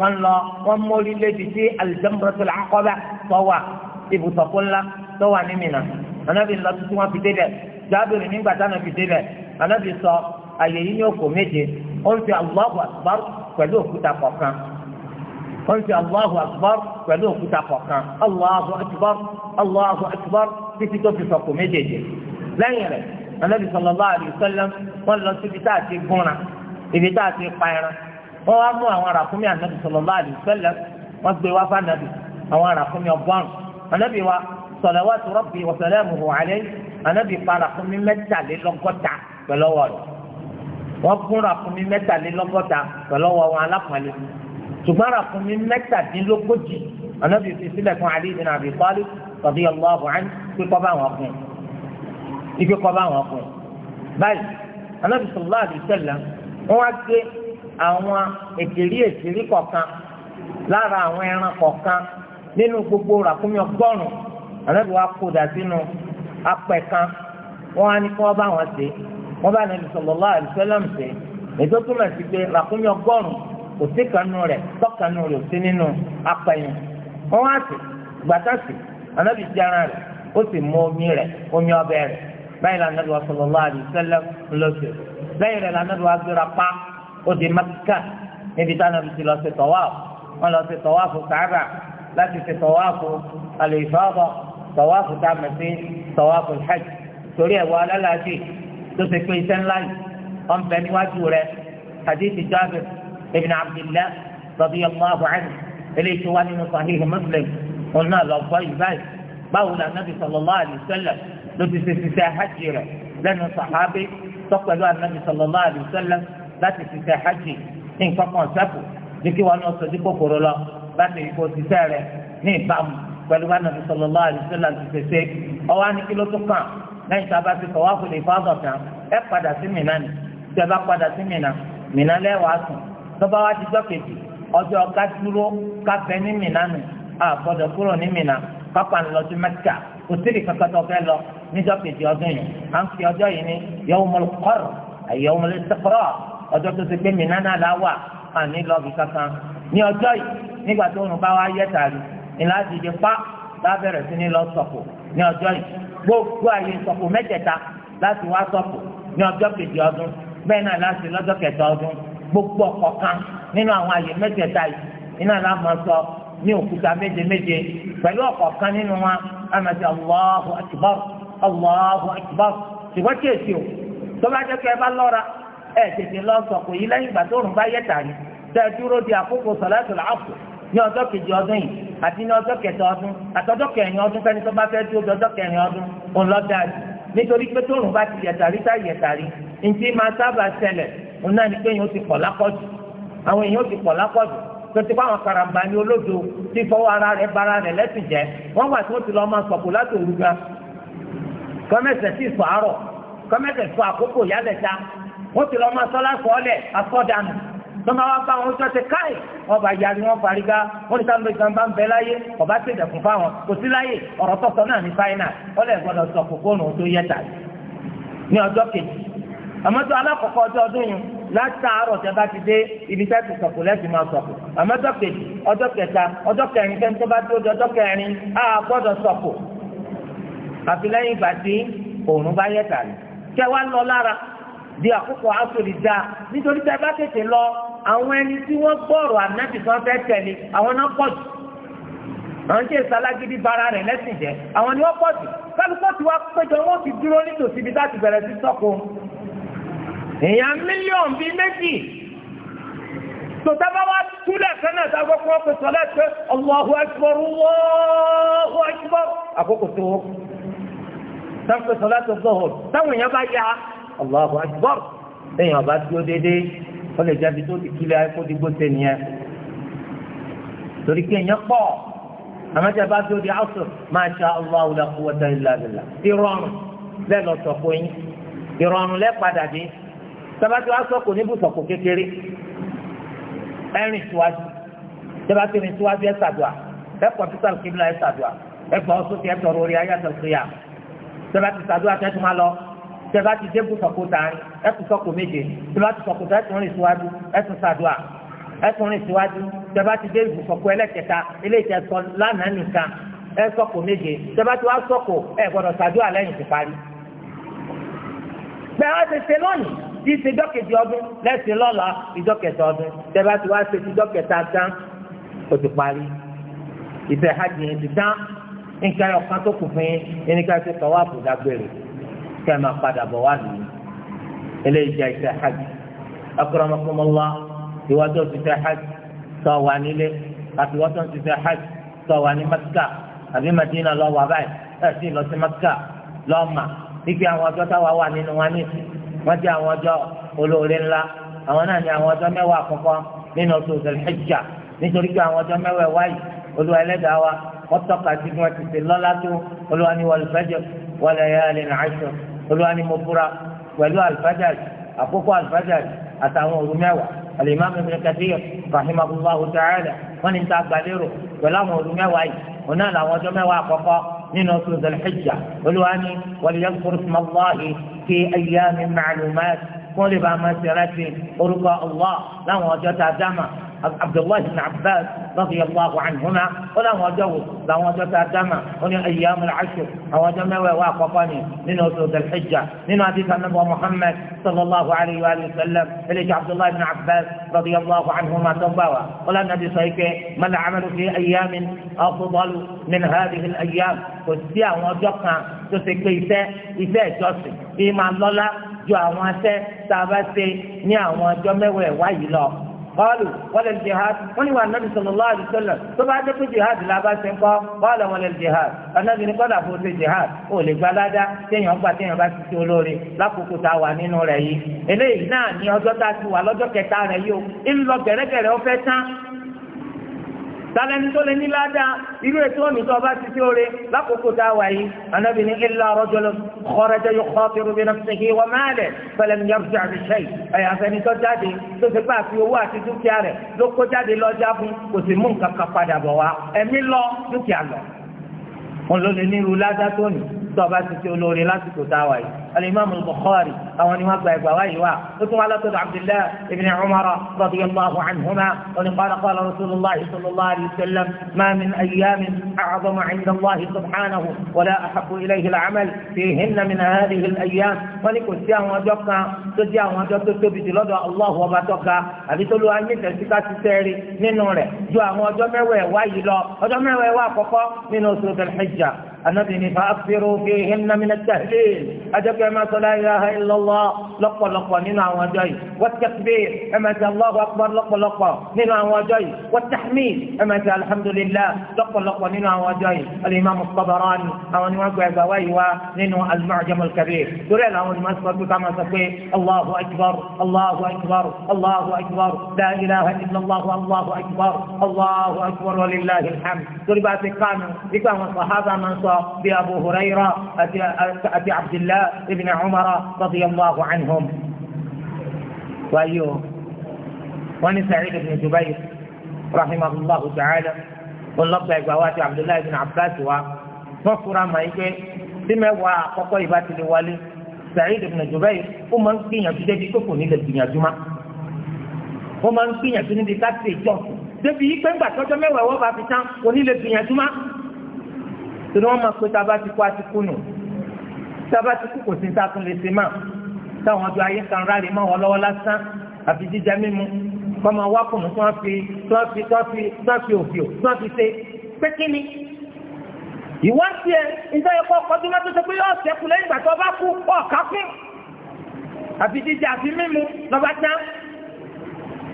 wọ́n lọ wọ́n mórí lébi sí al-Jamratul Aqaba tọ́wà ibùsọ̀kú ńlá tọ́wà ní Mínà ọ̀nà bí lọ tuntun wọn fi débẹ̀ jábìrì nígbà táwọn fi débẹ̀ ọ̀nà bí sọ àyè yìí ní òkò méje ó ń fi Allahu wọ́n ti Allahu Akbar pẹ̀lú òkúta kọ̀ọ̀kan Allahu Akbar Allahu Akbar títí tó fi sọ̀kò méjèèjì lẹ́yìn rẹ̀ anabi sallallahu alayhi wa sallam wọ́n lọ síbi tá a ti gúnra ibi tá a ti pa ẹran wọ́n wá mú àwọn arákùnrin anabi sallallahu alayhi wọ́n gbé wá fànàbì àwọn arákùnrin ọgbọ́n anabi wa salawatu rabbi wa salamuhu alayhi anabi pa arákùnrin mẹ́tàlélọ́gọ́ta pẹ̀lú ṣùgbọ́n ràkúnmí mẹ́tàdínlógójì ànábì fi sílẹ̀ fún Ali bin Abi Talib radiyallahu anhu pé kọ́ bá wọn kún ipe kọ́ bá wọn kún báyìí ànábì sallallahu alaihi wasallam wọ́n wá gbé àwọn ètèrí ètèrí kọ̀ọ̀kan lára àwọn ẹran kọ̀ọ̀kan nínú gbogbo ràkúnmí ọgọ́rùn-ún ànábì wa kó dà sínú apẹ̀ kan á ní kí wọ́n bá wọn ṣe wọ́n bá ànábì sallallahu alaihi ṣe ètò túmọ̀ sí pé ràkúnmí ọgọ́rùn-ún kò sí kanú rẹ̀ tọ́kanú rẹ̀ ò sí nínú apẹ̀yìn wọ́n á sì gbàtà sí anábì sí ara rẹ̀ ó sì mú omi rẹ̀ omi ọbẹ̀ rẹ̀ báyìí la anábì wa sallallahu alaihi wasallam lọ́sẹ̀ báyìí rẹ̀ pa ó di Mẹ́kà níbi tá anábì ti lọ sí tọ́wáàfù wọ́n lọ sí tọ́wáàfù Káàbà láti sí tọ́wáàfù al-ifada tọ́wáàfù tá a mọ̀ sí tọ́wáàfù hajj torí ẹ̀wọ̀ alálàájì tó ti pé iṣẹ́ ńlá yìí ọ̀nbẹ níwájú rẹ̀ hadithi Jábìrì ابن عبد الله رضي الله عنه eléyìí tó wá nínú sahihi muslim òun náà lọ gbọ́ yìí báyìí báwo la nabi sallallahu alayhi wa sallam ló ti ṣe ṣiṣẹ́ hajj rẹ̀ lẹ́nu sàhábé tó pẹ̀lú anabi sallallahu alayhi wa sallam láti ṣiṣẹ́ hajj ní nǹkan kan sẹ́kù ní kí wọn náà sọdí kòkòrò lọ láti ìkó ṣiṣẹ́ rẹ̀ ní ìbámu pẹ̀lú anabi sallallahu alayhi wa sallam ti ṣe ṣe ọwọ́ ní kí ló tó kàn lẹ́yìn tá a bá ti tawaful ifada tán ẹ padà sí mìnà ni tẹ́ bá padà sí mìnà mìnà lẹ́wàá sùn tọ́ba wa ti gbọ́kejì ọjọ́ ká dúró ká bẹ ní mìíràn nù àgbọ̀dọ̀ kúrò ní mìíràn pápá ń lọ sí mẹ́tíkà kò sí ìdí kankan tó fẹ́ lọ níjọ́ kejì ọdún yìí à ń fi ọjọ́ yìí ní yawmul qarr yawmul istiqrar ọjọ́ tó ti pé mìíràn náà láwà àní lọ́ọ̀bì kankan ní ọjọ́ yìí nígbà tó ń bá wa yẹ tààrí ìlà pa lábẹ́rẹ̀ sí ní lọ sọ̀kò ní ọjọ́ yìí gbogbo àyè sọ̀kò mẹ́tẹ̀ẹ̀ta láti wá sọ̀kò ní ọjọ́ kejì gbogbo ọ̀kan nínú àwọn àyè mẹ́tẹ̀ẹ̀ta yìí iná la ní òkúta méje méje pẹ̀lú ọ̀kọ̀ọ̀kan nínú wa a máa sọ Allahu Akbar ṣùgbọ́n tí èsì o tó bá jẹ́ ẹ bá lọ́ra ẹ tètè lọ sọ kò yí lẹ́yìn ìgbà tó rùn bá yẹ òun náà ní pé èèyàn ti pọ̀ lákọ̀jù àwọn èèyàn ti pọ̀ lákọ̀jù tuntun fún àwọn karamba ní olódo tí fọwọ́ ara rẹ̀ bara rẹ̀ lẹ́sìn jẹ́ wọ́n wà tí wọ́n ti lọ́ọ́ máa sọ̀kò láti òru gan kọ́mẹ́sẹ̀ sì sọ àárọ̀ kọ́mẹ́sẹ̀ sọ àkókò yálẹ̀ta wọ́n ti lọ́ọ́ máa sọ lásọ̀ọ́lẹ̀ asọ́dànù tọ́mọ wa bá wọn sọ́sẹ̀ káì ọba yàrá wọn fariga wọn ní sáré gan bá ń bẹ láyé ọba ṣe dẹkùn fáwọn kò sí láyé ọ̀rọ̀ tọ̀sọ̀ náà ní fáínà ọlẹ́ gbọ́dọ̀ sọ kòkó nù tó yẹ ní ọjọ́ kejì àmọ́tò alákọ̀ọ́kọ́ ọjọ́ ọdún yìí látàárọ̀ tẹ bá ti dé ibi tá ti sọ̀kù lẹ́sìn máa sọ̀kù àmọ́tò kejì ọjọ́ kẹta ọjọ́ kẹrin kẹ́ni tó bá tó di ọjọ́ kẹrin á gbọ́dọ̀ sọ̀kù àfi lẹ́yìn ìgbà tí òòrùn bá yẹ̀ tàbí kẹ wá lọ lára di àkókò àsòrì dáa nítorí tẹ bá tètè lọ àwọn ẹni tí wọ́n gbọ́rọ̀ ànábì kan fẹ́ tẹ̀lé àwọn náà pọ̀ jù àwọn tí èsì alágídí bara rẹ̀ lẹ́sìn jẹ́ àwọn ni wọ́n pọ̀ jù kálukọ́ ti wá péjọ wọ́n ti dúró nítòsí ibi láti bẹ̀rẹ̀ sí sọ́kù èèyàn mílíọ̀nù bíi méjì tòtábà wá túlẹ̀ kánà tá a gbọ́ fún ọkùnrin sọlẹ̀ pé Allahu Akbar Allahu Akbar àkókò tó wọ́n sáfẹ́ sọlá tó gbọ́hùn táwọn èèyàn bá yá Allahu Akbar èèyàn bá dúró déédéé wọ́n lè jáde tó ti kílẹ̀ ayé kó digbó tẹ̀ nìyẹn torí kí èèyàn pọ̀ àmọ́jà bá dúró di asr masha Allah la quwwata illa billah ìrọ̀rùn lẹ́ẹ̀ lọ́sọ̀kọ́ yín ìrọ̀rùn lẹ́ẹ̀ padà dé tabati wa sọ kò ní bùsọ̀kò kékeré ẹ̀rìn síwájú tabati rìn síwájú ẹ̀ sàdùà ẹ̀ kọ̀títà kìbìlà ẹ̀ sàdùà ẹ̀ gbọ́ sókè ẹ̀ tọrọ orí ayé àtọ̀kìyà tabati sàdùà tẹ́tù máa lọ tabati dé bùsọ̀kò tààrin ẹ̀ tún sọ̀kò méje tabati sọ̀kò tó ẹ̀ tún rìn síwájú ẹ̀ tún sàdùà ẹ̀ tún rìn síwájú tabati dé bùsọ̀kò ẹlẹ́kẹta eléyìí sọ lánàá nìkan ẹ̀ sọ̀kò méje tabati wa sọ̀kò ẹ̀ gbọ́dọ̀ sàdùà lẹ́yìn ti parí. bẹ́ẹ̀ wá ti ṣe lónìí tí ṣe dọ́kẹ̀jì ọdún lẹ́sìn lọ́la ìdọ́kẹ̀ta ọdún tẹ́lá ti wá ṣe ti dọ́kẹ̀ta dán o ti parí ìfẹ́ hajj yẹn ti dán nǹkan ọ̀kan tó kù fún yín ní ká ṣe tọ́wọ́ àbùdágbèrè kẹ́ máa padà bọ̀ wá nìyí eléyìí jẹ́ ìfẹ́ hajj akramakumullah ìwádìí ò ti fẹ́ hajj tọ́ wà nílé àti wọ́n tó ti fẹ́ hajj tọ́ wọ́n jẹ́ àwọn ọjọ́ olóore ńlá àwọn náà ní àwọn ọjọ́ mẹ́wàá àkọ́kọ́ nínú oṣù Zulhijja nítorí pé àwọn ọjọ́ mẹ́wàá wáyé olúwa ẹlẹ́dàá wa wọ́n tọ́ka sí bí wọ́n ti ṣe lọ́lá tó olúwa ní wal fajr wa layalin ashr olúwa ní mo búra pẹ̀lú al-fajr àkókò al-fajr àtàwọn òru mẹ́wàá al-imam ibn kathir nínú oṣù zalxijja olùwàní wàlíyàgbọ́n sọmọláhi kí ayé mi màlúmáàtì kó lè bá a máa ṣe rántí orúkọ allah láwọn ọjọ́ tá a dáma abdullahi ibn abbas radiyallahu anhuma ó láwọn ọjọ́ wò láwọn ọjọ́ tá a dáma ó ní ayyamul ashr àwọn ọjọ́ mẹ́wàá wà àkọ́kọ́ ni nínú oṣù dalhijja nínú àti sanabu muhammad sallallahu alayhi wa sallam eléyìí abdullahi ibn abbas radiyallahu anhuma tó bá wa ó lá nàbí sọ ike mọ́lá amalu fi ayyamin afdalu min hadhihi al-ayyam kò sí àwọn ọjọ́ kan tó ṣe pé iṣẹ́ iṣẹ́ ìjọsìn kí máa lọ́lá ju àwọn aṣẹ́ tá a bá ṣe ní àwọn ọjọ́ mẹ́wàá wáyìí lọ قالوا ولا الجهاد ونوى النبي صلى الله عليه وسلم طبعا جاءت جهاد لا بأس قال ولا الجهاد النبي نقول أفوت الجهاد قول بلادا تنيا أبا تنيا بس تولوري لا كوكوتا وانين رأيي إليه ناني أجوتا سوى لجوكتا رأيو إلا جرجر أفتان tàlẹ́ni tó lè ní ládàá irú ètò ọ̀nì tó ọba ti tí ó re lákòókò tá a wà yìí anábì ní ilá ọ̀rọ̀jọ́ lọ kọ́rẹ́jọ́ yóò kọ́ fẹ́rù bí náà ṣèké wọ́n máa lẹ̀ pẹ̀lẹ́ ní yọrù jáde ṣẹ́yì ẹ̀yà afẹ́ni jáde tó ti pa àfi owó àti dúkìá rẹ̀ ló kó jáde lọ́jà fún kò sì mú nǹkan kan padà bọ̀ wá ẹ̀mí lọ dúkìá lọ. wọn ló lè ní irú ládàá tóní tó ọba ti tí olóore lásìkò tá a wà yìí الإمام البخاري أو أن يوقع بغيره وقال عبد الله ابن عمر رضي الله عنهما قال قال رسول الله صلى الله عليه وسلم ما من أيام أعظم عند الله سبحانه ولا أحب إليه العمل فيهن من هذه الأيام ولكل سيام وجبنا سيام وجبت تبت لدى الله وباتك أبي تلو أن يتسكى تسيري من نوره جوا وجمع ويواي لا وجمع من أسرة الحجة النبي فأكثروا فيهن من التهليل أجب كما صلى إله إلا الله لقى لقوا نمع وجي والتكبير أما شاء الله أكبر لقى لقوا نمع وجي والتحميل أما شاء الحمد لله لقى لقوا نمع وجي الإمام الصبران أو نواجع زويوة لنو المعجم الكبير دوري له المسجد كما سكي الله أكبر الله أكبر الله أكبر لا إله إلا الله الله أكبر الله أكبر ولله الحمد دوري بعد إقامة إقامة صحابة من صحابة بأبو هريرة أبي عبد الله بن عمر رضي الله عنهم وأيوه وعن سعيد بن جبير رحمه الله تعالى واللفظ إبوات عبد الله بن عباس وفر ما يجي بما هو أقوى الوالي سعيد بن جبير ومن كين يجي كوكو نيجي الدنيا جمع ومن كين يجي نيجي كاتي جوكو débi yìí pé ńgbà tọ́jọ́ mẹ́wàá wọ́n bá torí wọ́n máa pé tába ti kú àti kùnù tába ti kú kò sí sákùn lè ṣe mà táwọn ọjọ́ ayé kan rárẹ mọ́ wọn lọ́wọ́ lásán àfi jíjẹ mímu kọ́mọ wá kùnù tí wọ́n fi tí wọ́n fi tí wọ́n fi tí wọ́n fi òfìò tí wọ́n fi ṣe pé kí ni ìwọ ń tiẹ̀ nítorí ẹ̀kọ́ ọkọ̀dún máa tó sọ pé yóò ṣẹ́kù lẹ́yìn ìgbà tó bá kú ọ̀ká fún àfi jíjẹ àfi mímu lọ́ba tán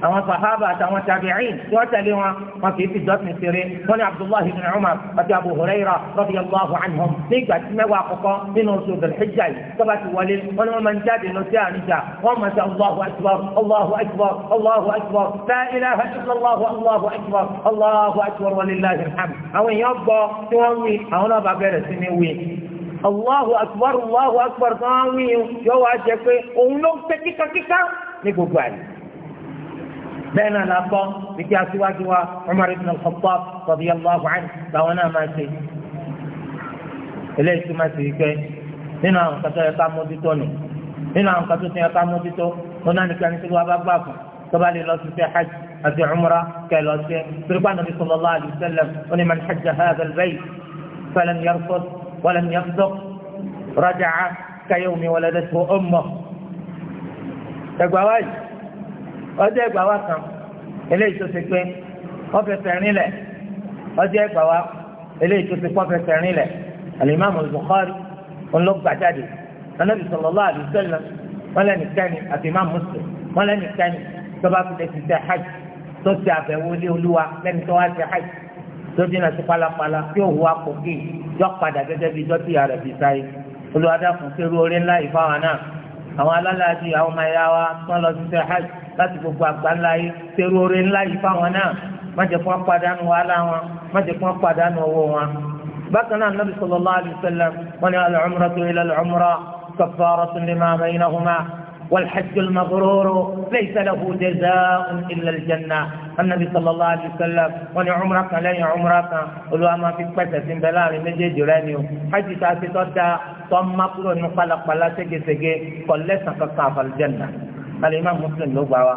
àwọn sàhábà àtàwọn tàbíìn tí wọ́n tẹ̀lé wọn wọn kì í fi dọ́sìn ṣeré wọn ni abdullahi ibn umar àti abu huraira radiyallahu anhum ní ìgbà tí mẹ́wàá àkọ́kọ́ nínú oṣù dàlhíjà yìí tọ́ba ti wọlé wọn ni wọ́n máa ń jáde lọ sí àríjà wọ́n máa ṣe allahu akbar allahu akbar allahu akbar la ilaha illallah allahu akbar allahu akbar walillahi alhamd àwọn èèyàn gbọ́ tí wọ́n wí àwọn náà bá bẹ̀rẹ̀ sí ní wí Allahu akbar Allahu akbar kan wí yọ wá jẹ pé òun ló ń pẹ́ kíkankíkan ní gbogbo àyè bẹ́ẹ̀ náà la gbọ́ ní kí aṣíwájú wa Umar ibn al-Khattab radiyallahu anhu làwọn náà máa ṣe eléyìí tó máa ṣe wípé nínú àwọn kan tó yẹ ká mójútó ni nínú àwọn kan tó yẹ ká mójútó ó náà nìkan ní tí wọ́n bá gbà fún tó bá lè lọ sí fẹ́ hajj àti umra kẹlọ sí turban nabi sallallahu alayhi wa sallam ó ní man hajja hadha al-bayt falam yarfud walam yafsuq raja'a ka yawmi waladatuhu ummuh. ẹgbàá wáyìí ọjọ́ ẹgbàá wa kan eléyìí tó ti pé wọ́n fẹsẹ̀ rìn lẹ̀ ọjọ́ ẹgbàá wa eléyìí tó ti pọ́ fẹsẹ̀ rìn lẹ̀ alimami Bukhari ńlọgbàjáde anabi sallallahu alaihi wasallam wọn lẹni kẹni àti imam Muslim wọn lẹni kẹni tọba fi lẹsi ṣe hajj tó ti àbẹ̀wò lé olúwa lẹni tó wá ṣe hajj tó dínà sí palapala tí òun wá kò gé yọ padà gẹ́gẹ́ bí dọtí ara fi sáyé olùwádàá fún kérú orí ńlá ìfáwọn náà àwọn alálàájì àwọn ọmọ ẹyà wa wọn lọ sí ṣe hajj láti gbogbo àgbáńlá yìí ṣerú oore ńlá yìí fáwọn náà má jẹ́ kó wọ́n padànù wàhálà wọn má jẹ́ kó wọ́n padànù owó wọn. bákan náà nabi sallallahu alayhi wa sallam wọn ni al-umratu ila al-umra kaffaratun lima baynahuma والحج المبرور ليس له جزاء إلا الجنة النبي صلى الله عليه وسلم وني عمرك لا عمرك ولو ما في قصة بلال من جيراني حج تاسي تدا ثم قلنا خلق بلا سجي سجي قل لسا الجنة alẹ́ imam muslim ló gbà wá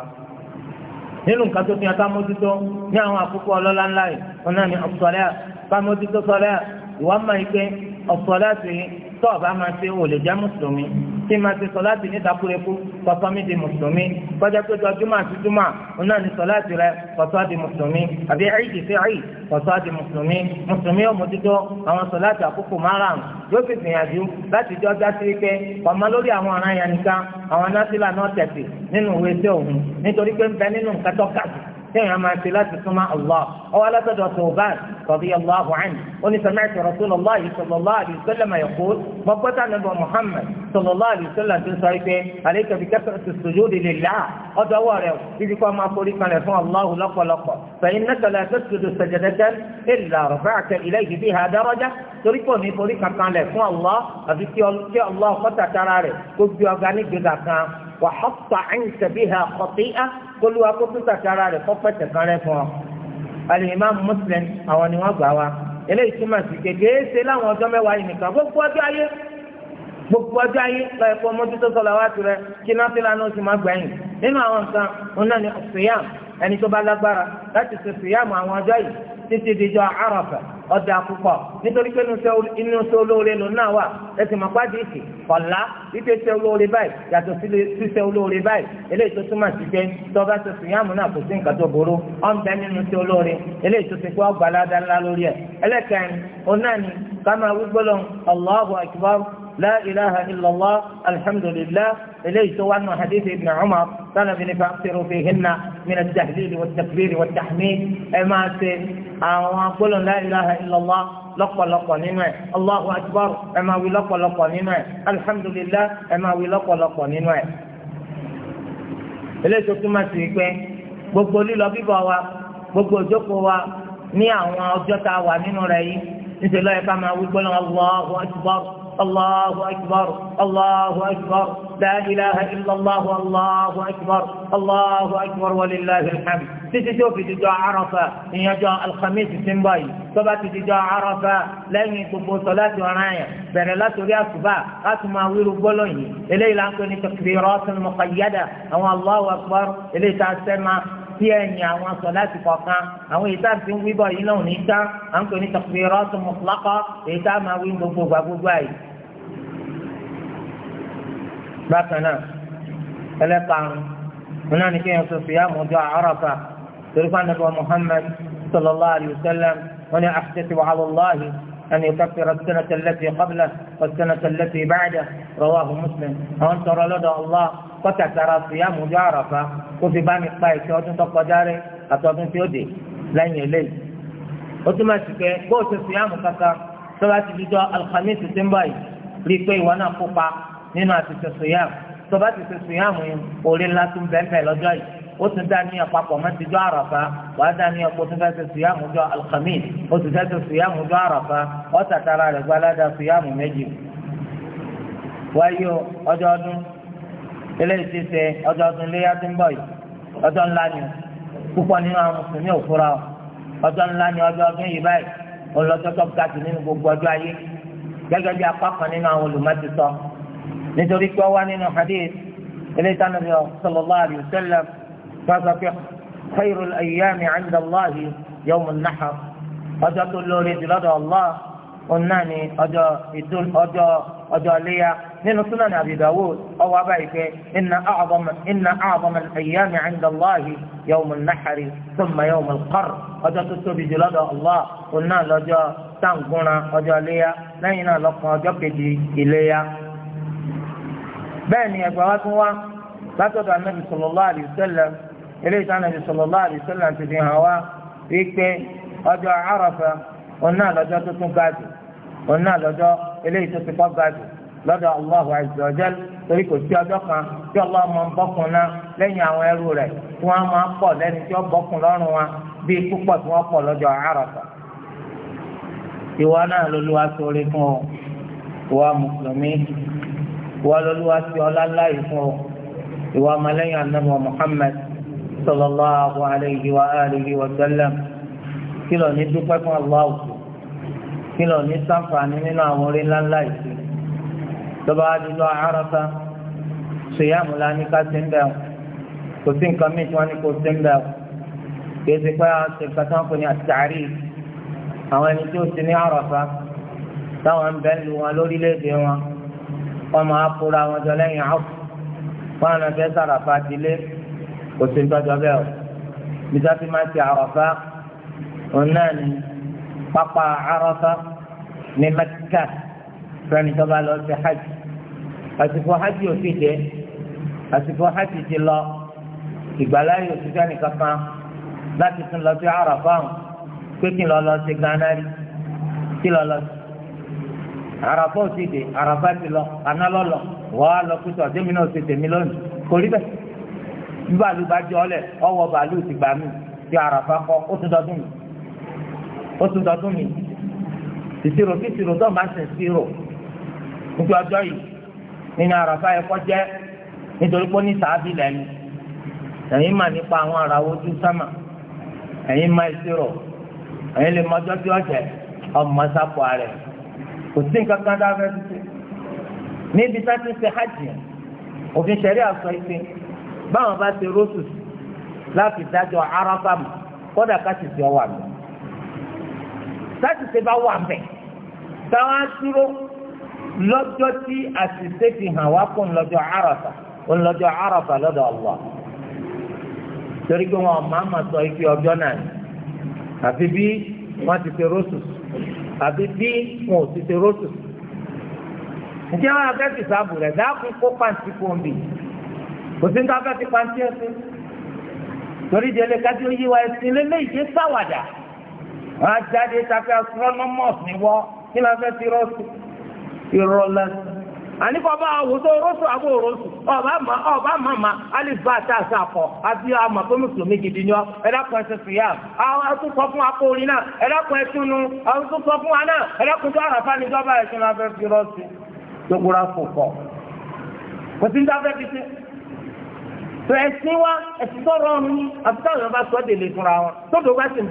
nínú nǹkan tó fi hàn ká mójútó ní àwọn àkókò ọlọ́lá ńlá yìí wọn náà ní ọ̀sọ̀lẹ́ ká mójútó sọ̀lẹ́ ìwà máa ń pẹ́ ọ̀sọ̀lẹ́ sí tọ́ọ̀ bá máa jẹ́ mùsùlùmí tí ma ti sọláàtì ní ìdákúrekú kọsọ mi di mùsùlùmí kọjá pé jọjúmọ àti júmọ òun náà ní sọláàtì rẹ kọsọ di mùsùlùmí àbí ẹyìdì sí ẹyì kọsọ di mùsùlùmí mùsùlùmí yóò mójútó àwọn sọláàtì àkókò márùn yóò sì gbìyànjú láti jọ já sí wípé pàmò lórí àwọn ará yẹn nìkan àwọn násìlà náà tẹ̀sí nínú ìwé iṣẹ́ òun nítorí pé ń bẹ nínú nǹkan tó kàdùn كان ما سلات سمع الله أو لا تدع ثوبان رضي الله عنه وأني سمعت رسول الله صلى الله عليه وسلم يقول مبتا نبو محمد صلى الله عليه وسلم تنسى عليك بكثرة السجود لله أدوار إذا كما قولك لفو الله لق لق فإنك لا تسجد سجدة إلا رفعت إليه بها درجة تريكوني قولك كان لفو الله أبكي الله فتح ترى كبير أغاني جدا كان وحط عنك بها خطيئة كل وقت تكرار قفة كرفة الإمام مسلم أو نوابوا eléyìí túmọ̀ sí kékeré ṣe láwọn ọjọ́ mẹ́wàá yìí nìkan gbogbo ọjọ́ ayé gbogbo ọjọ́ ayé lọ́yẹ̀ pé ọmọ títọ́ sọ̀lá wá tirẹ̀ kí náà fi lánàá ni ẹni tó bá lágbára láti ṣe fìyàmù àwọn ọjọ́ yìí títí dijọ́ Àrafa ọ̀dà púpọ̀ nítorí pé inú sọ olóore lòun náà wà ẹsìn mọ̀páàdì ìsì ọ̀la wípé ṣe olóore báyìí yàtọ̀ sí ṣíṣe olóore báyìí eléyìí tó túmọ̀ sí pé tó bá ṣe fìyàmù náà kò sí nǹkan tó burú ọ̀n bẹ nínú sí olóore eléyìí tó ti pé ọgbà ládàá ńlá lórí ẹ̀ ẹlẹ́kẹ̀rin òun Allahu Akbar لا إله إلا الله الحمد لله إليه سواء حديث ابن عمر قال بن فأكثروا فيهن من التهليل والتكبير والتحميد أما أقول لا إله إلا الله lọ́pọ̀lọpọ̀ nínú ẹ̀ Allahu Akbar ẹ máa wí lọ́pọ̀lọpọ̀ nínú ẹ̀ alhamdulillah ẹ máa wí lọ́pọ̀lọpọ̀ nínú ẹ̀. eléyìí tó máa sì pé gbogbo lílọ bíbọ̀ wa gbogbo ìjókòó wa ní àwọn ọjọ́ tá a wà nínú rẹ̀ yìí níṣẹ́ lọ́yẹ̀ká máa wí gbọ́dọ̀ Allahu Akbar الله أكبر الله أكبر لا إله إلا الله الله أكبر الله أكبر ولله الحمد تجدوا في تجاه عرفة إن يجاء الخميس سنباي طبعا تجاه عرفة لن يتبوا صلاة وناية بل لا تريد أصبع أسمع ويرو بلوني إليه لأنكني تكبيرات مقيدة أو الله أكبر إلي تأسمع sí ẹ̀yìn àwọn sọ̀láàtì kọ̀ọ̀kan àwọn èyí tá à ń fi ń wí bọ̀ yìí lóhùn ní tán à ń pè ní to mo mutlaqa èyí tá a máa wí gbogbo gbà gbogbo àyè. bákan náà ẹlẹ́karùn-ún wọn ní kí so fiya yá mọ̀jọ́ Àrafa torí fún anabi muhammed sallallahu alayhi wa sallam wọn ni àṣetì wàhálà lọ́hìí أن يكفر السنة التي قبله والسنة التي بعده رواه muslim àwọn ترى لدى allah kọ́tà tara sùyàmù ọjọ́ àràfà kó fi bá mi pa ìṣe ọdún tó kọjá rẹ àti ọdún tí ó dé lẹ́yìn eléyìí. ó túmọ̀ sí pé bó o ṣe sùyàmù kankan tó bá ti dijọ́ alhamisi ti ń bọ̀ yìí rí i pé ìwọ náà kópa nínú àti ṣe sùyàmù tó bá ti ṣe sùyàmù yìí orí ńlá tún bẹ́ẹ̀ lọ́jọ́ yìí ó tún dá ní àpapọ̀ mọ́ ti jọ àràfà wà á dá ní ọkọ̀ tó fẹ́ẹ́ ṣe sùyàmù jọ alhamis ó ti fẹ́ẹ́ ṣe sùyàmù jọ àràfà ó tàtàrà rẹ̀ gbaládà eléyìí ti ṣe ọjọ́ ọdún iléyà tí ń bọ̀ yìí ọjọ́ ńlá ni púpọ̀ nínú àwọn mùsùlùmí ò fura o ọjọ́ ńlá ni ọjọ́ ọdún yìí báyìí ọlọ́jọ́ tó ga jù nínú gbogbo ọjọ́ ayé gẹ́gẹ́ bí apá kan nínú àwọn olùmọ̀ ti sọ nítorí pé ó wá nínú hadith eléyìí tí Ànábì sallallahu alayhi wa sallam pé khayrul ayyami 'inda Allahi yawmun ọjọ́ tó lóore jùlọ́dọ̀ ọjọ́ iléyà nínú súnà Abi Dawud ọwọ́ abáyé pé inna a'zama inna a'zama al-ayyami 'inda Allahi yawm an-nahr thumma yawm al-qarr ọjọ́ tó tóbi jù lọ́dọ̀ Allah òun náà lọ́jọ́ táǹgùnra ọjọ́ iléyà lẹ́yìn náà lọ́kàn ọjọ́ kejì iléyà. bẹ́ẹ̀ ni ẹgbẹ́ wa tún wá látọ̀dọ̀ anábì sallallahu alayhi wa sallam eléyìí anábì sallallahu alayhi wa ti fi eléyìí tó ti kọ́ gàdù lọ́dọ̀ Allahu azza wa jal torí kò sí ọjọ́ kan tí Allah máa ń bọ́kùn náà lẹ́yìn àwọn ẹrú rẹ̀ tí wọ́n máa ń pọ̀ lẹ́ni tí wọ́n bọ́kùn lọ́rùn wa bíi púpọ̀ tí wọ́n pọ̀ lọ́jọ́ Àrafà. ìwọ náà lolúwa sórí fún ọ ìwọ mùsùlùmí ìwọ lolúwa sí ọlá láì fún ọ ìwọ ọmọlẹ́yìn anábọ̀ Muhammad sallallahu alayhi wa alihi wa sallam kí lọ ní dúpẹ́ fún Allah kí lọ ní sáǹfààní nínú àwọn orí ńláńlá ìsìn lọ́ba adìlọ àràfà ṣèyàmù la ní ká ṣe ń bẹ̀rù kò sí nǹkan míì tí wọ́n ní kò ṣe ń bẹ̀rù kì í ṣe pé àwọn ṣe nǹkan tí ní àtàrí àwọn ẹni tí ó ti ní àràfà táwọn ń bẹ́ẹ̀ lu wọn lórílẹ̀‐èdè wọn wọ́n máa kóra wọn jọ lẹ́yìn àwọ̀ wọn àna fẹ́ sàràfà dilé kò sí nǹkan jọ bẹ́ẹ̀ o bí sáfì máa ti àràfà òun náà ni pápá Arafa ní Mẹ́kà fẹ́ni tó bá lọ sí hajj àsìkò hajj ò ti dé àsìkò hajj ti lọ ìgbàláyè ò ti fẹ́ni kankan láti tún lọ sí Arafa pé kí n lọ lọ sí Ghana rí kí lọ lọ sí àràfà òsèdè àràfà ti lọ àná lọlọ wàá lọ pítọ jẹmi náà òsèdè mi lónìí kò rí bẹ́ẹ̀ bí bàálù bá jọ ọlẹ ọwọ́ bàálù ti gbà mí ti àràfà kọ ó tún dọdún mi ó tún dọdún mi ìṣirò kí ìṣirò tó máa ṣe ìṣirò nítorí ọjọ́ yìí nínú àràfà ẹ̀kọ́ jẹ́ nítorí pé ó ní sàábì lẹ́nu ẹ̀yin mà nípa àwọn ará ojú sámà ẹ̀yin má ìṣirò ẹ̀yin lè mọjọ́ tí ọ̀jẹ̀ ọmọ sápò rẹ̀ kò sí nǹkan kan dáfẹ́ títí níbi tá ti ṣe hajj òfin ṣẹ̀rí àṣọ ìpín báwọn bá ṣe rótù láti dájọ́ arábàmù kódà ká sì ṣe ọwà mi táṣìṣe bá wà bẹ̀ táwọn aṣúró lọ́jọ́ tí àṣìṣe fi hàn wá fún lọ́jọ́ àràfà fún lọ́jọ́ àràfà lọ́dọ̀ Allah torí pé wọn máa ma sọ ike ọjọ́ náà ni àfi bí wọn ti ṣe rosus àfi bí wọn ò ti ṣe rosus ǹjẹ́ wọn akẹ́kọ̀ọ́ sábò rẹ̀ dákun kó pàǹtí kó ń bì kò sí níta fẹ́ ti pàǹtí ẹ̀sìn torí ìdílé kájú yíwa ẹ̀sìn lélẹ́yìí ṣe sáwàdà. wọ́n á jáde tàbí astronomers ni wọ́n kí la fẹ́ ti rọ́ọ̀sì ìrọ̀lẹ́ àníkọ́ bá rọ́sù àbò rọ́sù ọba ma alìbá àtàṣà kọ àti àmà pé mùsùlùmí gidi ni ọ ẹ̀dàkùn ẹ̀sìn àwọn fún náà ẹ̀dàkùn ẹ̀sìn nu fún wa náà ẹ̀dàkùn tó àràfà ẹ̀sìn fẹ́ tó kò sí ẹ̀sìn wa ẹ̀sìn tó rọrùn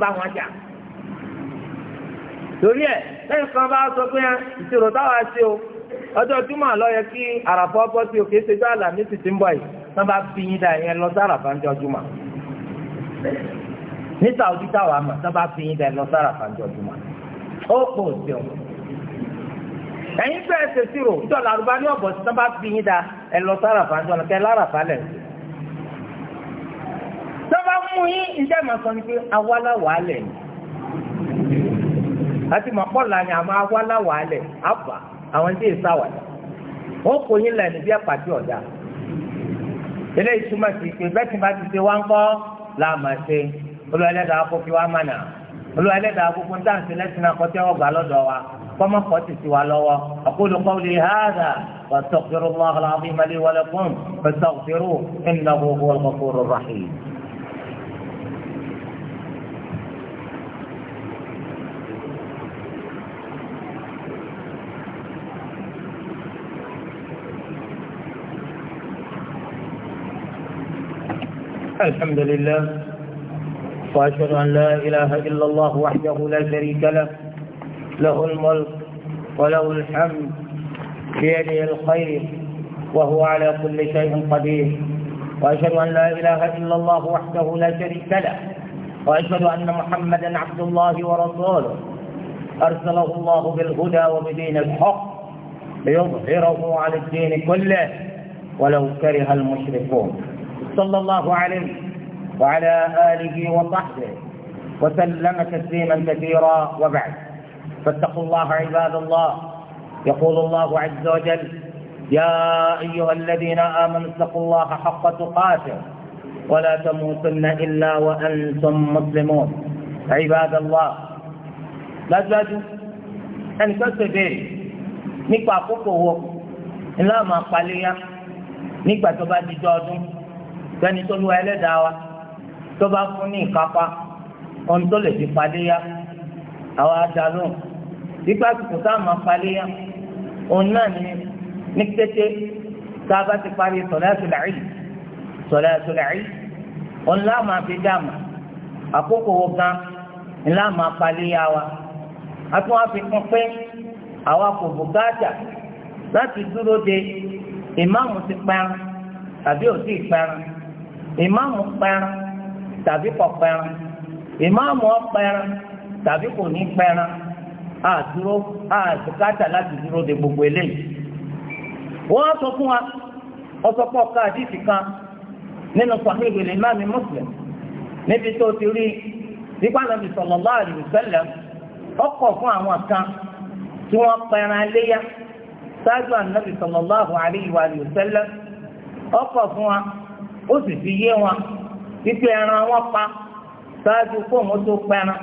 torí ẹ̀ lẹ́yìn kan bá sọ pé ìṣirò táwa ṣe o ọjọ́ túmọ̀ lọ yẹ kí àràfọ́ bọ́ sí òkè ṣẹjọ́ àlàmí sì ti ń bọ̀ yìí wọ́n bá fi yín dá yẹn lọ sára fàǹjọ́ jùmọ̀ ní Saudi táwa mọ̀ wọ́n bá fi yín dá yẹn lọ sára fàǹjọ́ jùmọ̀ ó pọ̀ ṣeun ẹ̀yin fẹ́ ṣe ṣírò ìjọ́ làrúbá ní ọ̀bọ̀ tí wọ́n bá fi yín dá ẹ lọ sára fàǹjọ́ lọ kẹ́ lára fàlẹ̀ bá mú yín ìjẹ́ àti mọ̀kànlá ni àmọ́ awáláwà alẹ̀ àbà àwọn tí èsà wà dà wọ́n kò yín lẹ́nu bí àpàtì ọ̀dà eléyìí túmọ̀ sí pé bẹ́ẹ̀ tí bá ti ṣe wá ń kọ́ láàmà ṣe olùwàlẹ́dà akókò wa mànà olùwàlẹ́dà akókò ń dáhùn sí lẹ́sìn náà kọ́tẹ́ ọgbà lọ́dọ̀ wa kọ́mọ́ kọ́ ti ti wa lọ́wọ́ aqulu qawli hadha الحمد لله وأشهد أن لا إله إلا الله وحده لا شريك له له الملك وله الحمد بيده الخير وهو على كل شيء قدير وأشهد أن لا إله إلا الله وحده لا شريك له وأشهد أن محمدا عبد الله ورسوله أرسله الله بالهدى وبدين الحق ليظهره على الدين كله ولو كره المشركون صلى الله عليه وعلى آله وصحبه وسلم تسليما كثيرا وبعد فاتقوا الله عباد الله يقول الله عز وجل يا أيها الذين آمنوا اتقوا الله حق تقاته ولا تموتن إلا وأنتم مسلمون عباد الله لا تزادوا أن تسبيل نكبر قطوه إلا ما قليا نكبر تبادي جادوا sẹ́ni tó lúwa ẹlẹ́dàá wa tó bá fún ní ìkápá ohun tó lè fi paléyà àwa dá lóhùn nígbà tó tá a máa paléyà òun náà ní ní kété tá a bá ti parí sọ̀láṣùl Eid sọ̀láṣùl Eid òun láà máa fi dáàmà àkókò wo gan ńlá máa paléyà wa a tún wá fi kún pé àwa kò bùkátà láti dúró de ìmáàmù ti pẹ́ran tàbí ò sí pẹ́ran ìmáàmù pẹ́ran tàbí kò pẹ́ran ìmáàmù ọ̀pẹ́ran tàbí kò ní pẹ́ran àdúró àdúkátà láti dúró de gbogbo eléyìí. wọ́n sọ fún wa ọ̀sọ̀pọ̀ ká kan nínú Sahih al-Imam Muslim níbi tó ti rí nípa Ànábì sallallahu alaihi wasallam ọkọ̀ fún àwọn kan tí wọ́n pẹran léyà ṣáájú Ànábì sallallahu alaihi wasallam ọkọ̀ fún wa ó sì fi yé wọn wípé ẹran wọn pa ṣáájú fóònù tó pẹran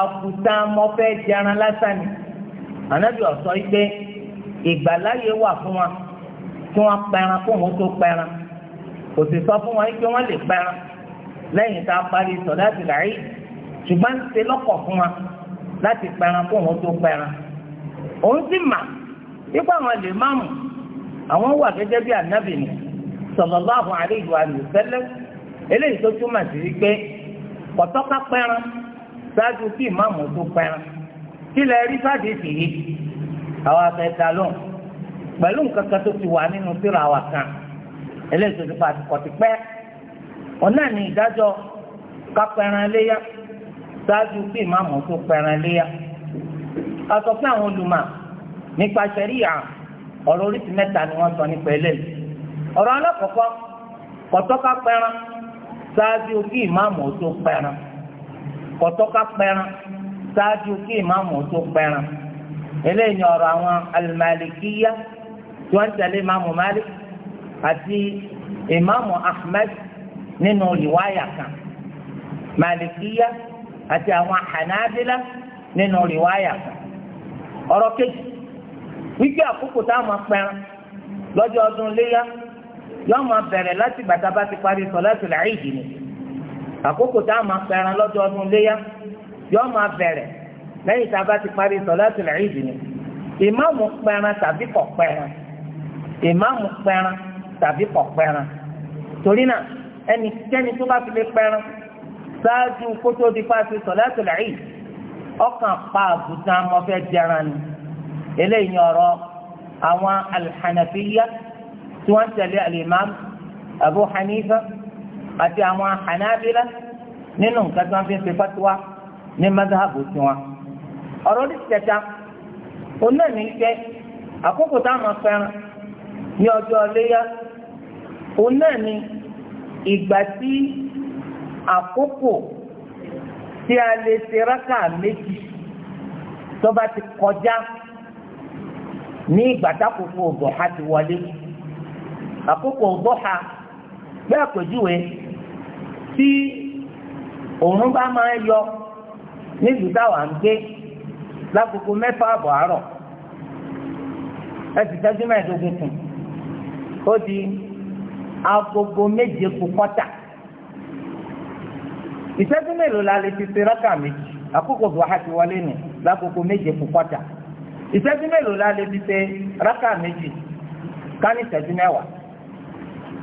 àkùtà mọ́fẹ́ jẹran lásán ni ànábì ọ̀sọ́ yìí pé ìgbàláyé wà fún wa kí wọ́n pẹran fóònù tó pẹran kò sì sọ fún wọn pé wọ́n lè pẹran lẹ́yìn tá a parí sọ̀dá ti rà yìí ṣùgbọ́n ṣe lọ́kọ̀ fún wa láti pẹran fóònù tó pẹran òun sì mà nípa àwọn lè máàmù àwọn wà gẹ́gẹ́ bí ànábì ni sallallahu alayhi wa sallam eléyìí tó túmọ̀ sí wípé kọ̀tọ́ká pẹ́ran ṣáájú kí ìmáàmù tó pẹ́ran kí lẹ rí sáàdì ìsìyí àwọn afẹ́ta lóhùn pẹ̀lú nǹkan kan tó ti wà nínú síra wa kan eléyìí tó ti pa àtìkọ̀tì pẹ́ òun náà ní ìdájọ́ ká pẹ́ran léyà ṣáájú kí ìmáàmù tó pẹ́ran léyà a sọ àwọn olùmọ̀ nípa ṣẹ̀ríyà ọ̀rọ̀ oríṣi mẹ́ta ni wọ́n sọ nípa eléyìí ọ̀rọ̀ alákọ̀ọ́kọ́ kọ̀tọ́ká pẹran ṣáájú kí ìmáàmù tó pẹran kọ̀tọ́ká pẹran ṣáájú kí ìmáàmù tó pẹran eléyìí ni ọ̀rọ̀ àwọn alimalikiya tí wọ́n ń tẹ̀lé ìmáàmù Malik àti ìmáàmù Ahmed nínú rìwáyà kan malikiya àti àwọn hanabila nínú rìwáyà kan ọ̀rọ̀ kejì wípé àkókò táwọn pẹran lọ́jọ́ ọdún léyà yóò máa bẹ̀rẹ̀ láti bàtà bá ti parí sọ̀látul Eid ni àkókò tá a máa pẹran lọ́jọ́ ọdún léyà yóò máa bẹ̀rẹ̀ lẹ́yìn tá a bá ti parí sọ̀látul Eid ni ìmáàmù pẹran tàbí kọ̀ pẹran ìmáàmù pẹran tàbí kọ̀ pẹran torí náà ẹnikẹ́ni tó bá fi lè pẹran ṣáájú kótó di fáṣí sọ̀látul Eid ọkàn pa àgùntàn ọmọ fẹ́ jẹran ni eléyìí ọ̀rọ̀ àwọn alhànàfíyà tí wọ́n ń tẹ̀lé alimam abu hanifa àti àwọn hanabila nínú nǹkan tí wọ́n fi ń ṣe fatuwa ní madhabu tiwọn. ọ̀rọ̀ ní kẹta òun náà ní kẹ́ àkókò táwọn fẹ́ràn ní ọjọ́ léyà òun náà ìgbà tí àkókò tí a lè ṣe rákà méjì tó bá ti kọjá ní ìgbà tákòókò ọ̀bọ̀ á ti wọlé yìí. àkókò bọ́ha ha kpe tí òun bá máa ń yọ níbi táwa ń gbé lákòókò mẹ́fà àbọ̀ àárọ̀ ẹ ti tẹ́jú mẹ́ẹ̀ẹ́dógún kù ó di agogo méje kù kọ́tà ìṣẹ́jú mélòó la lè ti ṣe rákà méjì àkókò bọ́ha ti wọlé nù lákòókò méje kù kọ́tà mélòó la lè ṣe rákà méjì ká ní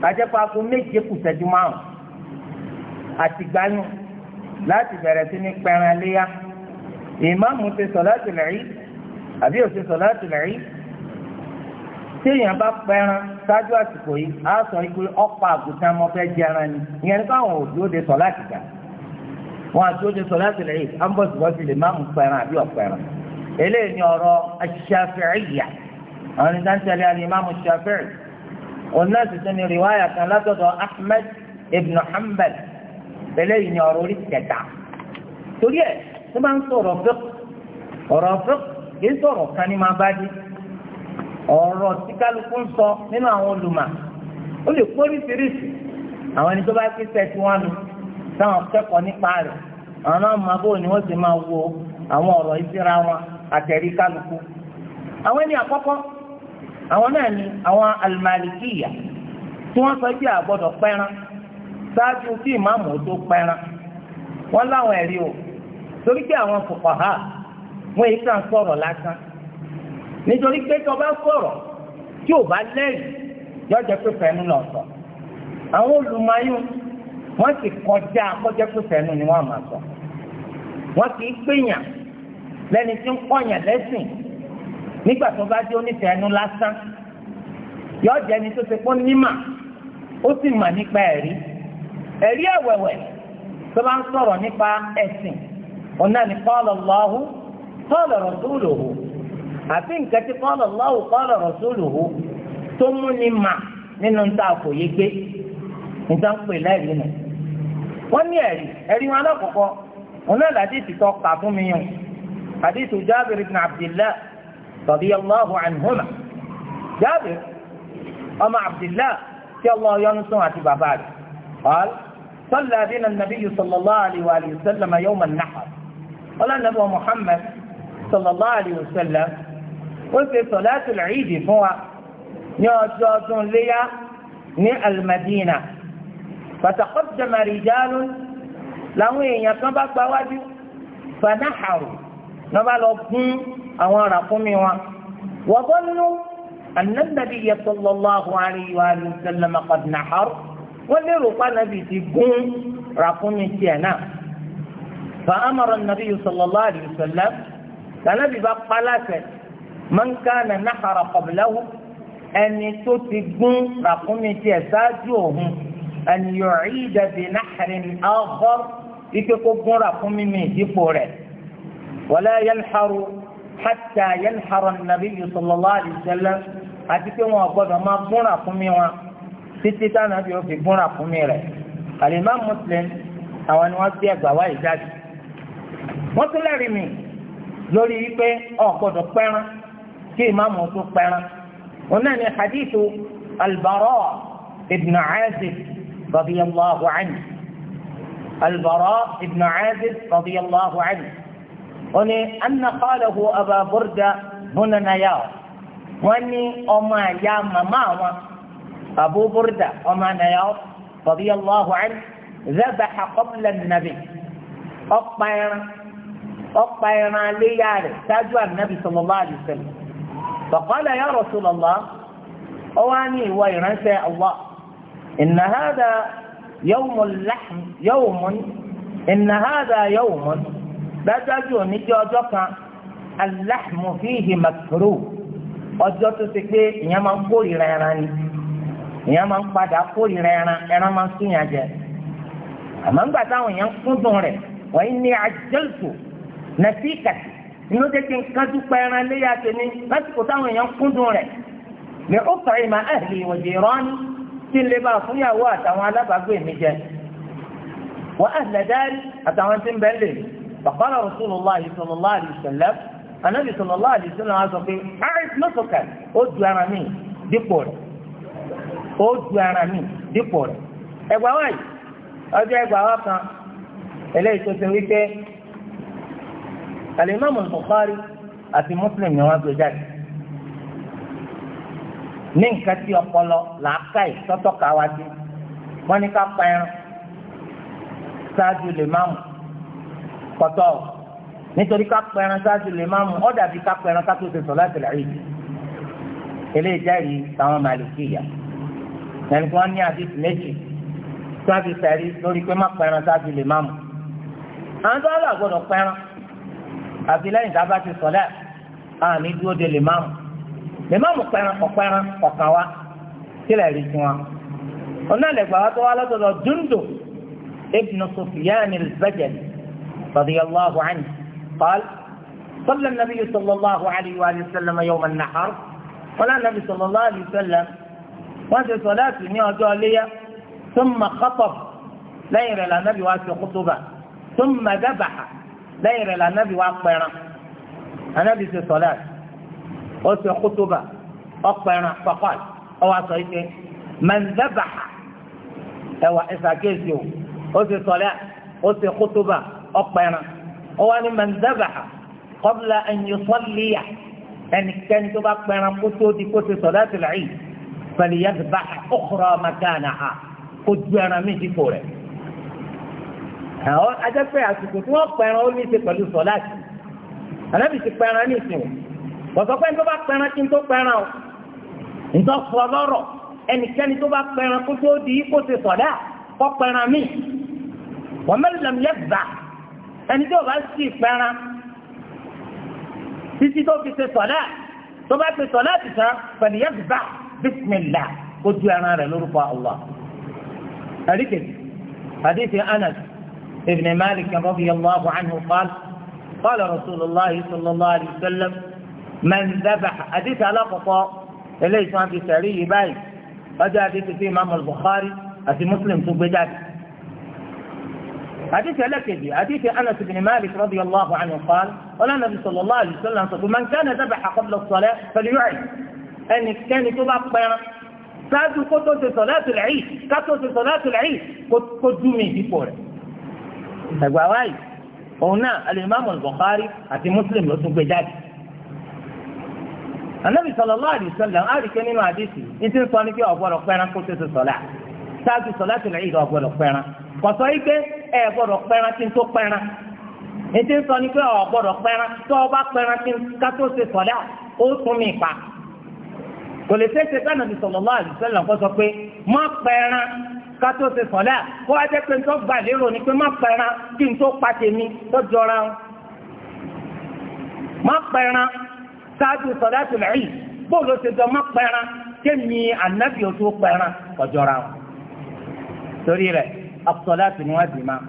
àjẹpọ̀ aago méje kù ṣẹ́jú márùn àtìgbáyùn láti bẹ̀rẹ̀ sí ní pẹran léyà ìmáàmù ti sọ̀láàtì lẹ́yìn àbí òsì sọ̀láàtì lẹ́yìn tí èèyàn bá pẹran ṣáájú àsìkò yìí á sọ pé ọ̀pọ̀ àgùntàn ọmọ fẹ́ jẹ ara ni ìyẹn ní káwọn òdúró de sọ̀láàtì gbà wọn àti òde sọ̀láàtì lẹ́yìn ambọ̀sibọ́sì lè máàmù pẹran àbí ọ̀pẹran eléyìí ni ọ̀rọ̀ aṣ-Ṣafi'iyya àwọn ìdáńtẹ̀lẹ́ àlè máàmù Ṣafi'i والناس تني رواية لا تضع أحمد ابن حنبل إليه نارولي ọrụ تقول طبعا رافق رافق kìí sọ̀rọ̀ kan ní máa bá dé ọ̀rọ̀ tí kálukú ń sọ nínú àwọn olùmọ̀ ó lè póríṣiríṣi àwọn ẹni tó bá ké sẹ́ẹ̀tì wọn nu táwọn kẹ́kọ̀ọ́ nípa rẹ̀ àwọn náà máa bó ni wọ́n sì máa wo àwọn ìsira wọn àtẹ̀rí kálukú àwọn ẹni àwọn náà ni àwọn alimalikiya tí wọ́n sọ pé àgbọ́dọ̀ pẹran ṣáájú tí ìmáàmù tó pẹran wọ́n láwọn ẹ̀rí o torí pé àwọn fuqaha wọn èyí kàn sọ̀rọ̀ lásán nítorí pé tó bá sọ̀rọ̀ tí ò bá lẹ́yìn yóò jẹ́ pé fẹ́nu náà sọ àwọn olùmọ̀ọ́yún wọ́n sì kọjá kọjá pé fẹ́nu ni wọ́n máa sọ wọ́n sì gbìyàn lẹ́ni tí ń kọ̀yàn lẹ́sìn nígbà tó bá dé onífẹ̀ẹ́ ẹnu lásán yọ jẹ́ ni tó ti pọ́n nímà ó sì mà nípa ẹ̀rí ẹ̀rí ẹ̀wẹ̀wẹ̀ tó bá ń sọ̀rọ̀ nípa ẹ̀sìn òun náà ni qala Allahu qala rasuluhu àti nǹkan tí qala Allahu qala rasuluhu tó mú ni mà nínú ń ta àfòyé gbé níta ń pè lẹ́rìí nù wọ́n ní ẹ̀rí ẹ̀rí wọn alákọ̀ọ́kọ́ òun náà ìtìtọ́ kà fún mi yàn àdí ìtò Jabir ibn Abdillah radiyallahu anhuma Jabir ọmọ Abdullah tí Allah yọ́nú sún àti bàbá rẹ̀ ọ̀hán sọ́lá bínú nàbí sallallahu alayhi wa sallam yawm an-nahr ọlọ́nàbọ̀ Muhammad sallallahu alayhi wa sallam ó ṣe sọ̀láṣù ìdì fún wa ní ọjọ́ ọdún léyà ní al-Madina fataqaddama rijalun làwọn èèyàn kan bá gbáwájú fanaharu náà bá lọ gún àwọn ràkúnmí wọn. wọ́n bọ́ nínú ànábìbí sallallahu alayhi wa sallam qad nahar wọ́n lérò pànàbì ti gún ràkúnmí tiẹ̀ náà. فأمر النبي صلى الله عليه وسلم فنبي بقلاسة من كان نحر قبله ẹni tó ti gún ràkúnmí tiẹ̀ ṣáájú òun ẹni yọ̀rí ìdẹ̀bí náhìrín ọgọ́r ike kó gún ràkúnmí mi ìdípò rẹ̀ wọlé yẹn xaru hàtà yẹlẹ̀hàrọ̀ nàbí sallallahu alaihi wasallam àti pé wọn gbọdọ̀ máa búra fún mi wọn títí táwọn àbí wọn fi búra fún mi rẹ̀ àlèmá Muslim àwọn ni wọ́n fi ẹgbà wá ìjáde wọ́n tún lẹ́rìí mi lórí wípé ó gbọdọ̀ pẹ́ràn kí ìmáàmù tún pẹ́ràn òun náà ni hadithu al ibn Azib radiyallahu anhu al-Bara' ibn Azib radiyallahu anhu. أن قاله أبا بردة هنا نياو واني أما يا ماما أبو بردة أما نياو رضي الله عنه ذبح قبل النبي أقبل أقبل لي يعني تاجوا النبي صلى الله عليه وسلم فقال يا رسول الله أواني وينسى الله إن هذا يوم اللحم يوم إن هذا يوم dájúdájú òní jẹ́ ọjọ́ kan aláhùnmù fíhì màkúrò ọjọ́ tó ṣe pé ìyẹn máa ń kórìíra ẹran ni ìyẹn máa ń padà kórìíra ẹran ẹran máa ń súnyàn jẹ àmọ́ ńgbà táwọn èèyàn ń kúndùn rẹ̀ wọ́n yín ní àjẹ́lùtò nàfíkàtì inú jẹ́ kí n kájú pa ẹran léyà tèmi lásìkò táwọn èèyàn ń kúndùn rẹ̀ ní ó fàáyì máa ẹ̀hìn ìwọ̀dì ìrọ́ni tí ń lè bá fúnyàwó àtàwọn alábàágbé mi jẹ wọ́n ẹ̀hìn lẹ́dárí àtàwọn tí ń bẹ́ẹ̀ lè rí bàbára Rasulullah sallallahu alaihi wasallam anabi sallallahu alaihi wasallam á sọ pé arif lọ́sọ̀kà ó ju ara mi dípò rẹ̀ ó ju ara mi dípò rẹ̀ ẹgbàá wáyé ọjọ́ ẹgbàá wá kan eléyìí tó ti wípé alimami Bukhari àti Muslim ni wọ́n gbé jáde ní nǹkan tí ọpọlọ làákà ìtọ́tọ́ka wá sí wọ́n ní ká pa ẹran ṣáájú lè máa kọtọ nítorí ká pẹran ṣáájú lè máa mú ọ dàbí ká pẹran ká tó ṣe sọ láti rà ìdí eléyìí jẹ́rìí táwọn màlìkìyà ẹni tí wọ́n ní àdìsí méjì tí wọ́n fi sẹ̀rí lórí pé má pẹran ṣáájú lè máa mú àwọn tó wà gbọ́dọ̀ pẹran àfi lẹ́yìn tá a bá ti sọ̀lẹ̀ àmì dúró de lè máa mú lè máa mú pẹran kọ̀ pẹran kọ̀kan wá kílẹ̀ rí fún wa ọ̀nà ìlẹ̀gbà wa tó wá lọ́dọ̀dọ̀ dúndùn ibn Sufyan al-Bajali رضي الله عنه قال صلى النبي صلى الله عليه وآله وسلم يوم النحر صلى النبي صلى الله عليه وسلم وانت صلاة نيوجولية ثم خطب لير النبي واسي خطبة ثم ذبح لير النبي وأقبر النبي في صلاة واسي خطبة أقبر فقال أو أصيته من ذبح أو إساكيسيو واسي صلاة واسي خطبة ọ̀pẹ̀ràn ọwọ́ ni mẹ́ńdẹ́bàá kọ́bùlà ẹ̀yìn sọ́lìyà ẹnikẹ́ni tó bá pẹ̀ràn kó tó di kó ti sọ̀dá ti rà yìí pẹ̀lú yàtúbà ọ̀kọ̀rọ̀ màkàna ha kó ju ẹran méjì kò rẹ̀. àwọn ajẹ́pẹ́ àsìkò tí wọ́n pẹ̀ràn ó ní í ṣe pẹ̀lú sọ̀dá ti ànábì ti pẹ̀ràn ní ìsìn kọ̀sọ́pẹ́ tó bá pẹ̀ràn kí n tó pẹ̀ràn o ntọ́ fọ lọ́rọ̀ ẹnikẹ́ni tó bá pẹ̀ràn kó tó di kó ti sọ̀dá kọ́ pẹ̀ràn míì wọ́n mẹ́lẹ̀ ẹni tí ò bá sì pẹ́ran títí tó fi ṣe sọ̀lá tó bá ṣe sọ̀lá ti tán pẹ̀lú yẹ́bùbá bísímìlà kó ju ẹran rẹ̀ lórúkọ Allah. àríkèjì حديث أنس بن مالك رضي الله عنه قال قال رسول الله صلى الله عليه وسلم من ذبح حديث على قطاع إليه سعد سعري باي هذا حديث في إمام البخاري أتي مسلم تبدأ حديث لك حديث أنس بن مالك رضي الله عنه قال قال النبي صلى الله عليه وسلم من كان ذبح قبل الصلاة فليعي. أن كان تبقى ساعد قطوة صلاة العيد قطوة صلاة العيد قدومي في فورة تقوى هنا الإمام البخاري أتي مسلم لأسوك بجاتي النبي صلى الله عليه وسلم قال كان إنه حديثي إنت صلى الله عليه وسلم أفضل أخبرنا قطوة صلاة ساعد صلاة العيد أفضل أخبرنا kọ̀sọ́ yìí pé ẹ gbọ́dọ̀ pẹ́ran kí n tó pẹ́ran ètò ń sọ ni pé ọ̀ gbọ́dọ̀ pẹ́ran tó o bá pẹ́ran kí n ká tó ṣe sọ̀dá ó tún mi pa kò lè ṣe é ṣe kánà ti sallallahu alaihi wasallam kó sọ pé má pẹ́ran ká tó ṣe sọ̀dá kó wá jẹ́ pé n tó gbà lérò ni pé má pẹ́ran kí n tó pa tèmi tó jọra má pẹ́ran ṣáájú sọ̀dá tó lẹ́yìn bóòlù ṣe jọ má pẹ́ran kémi ànábì tó pẹ́ran kọjọra torí rẹ̀ الصلاة واجمة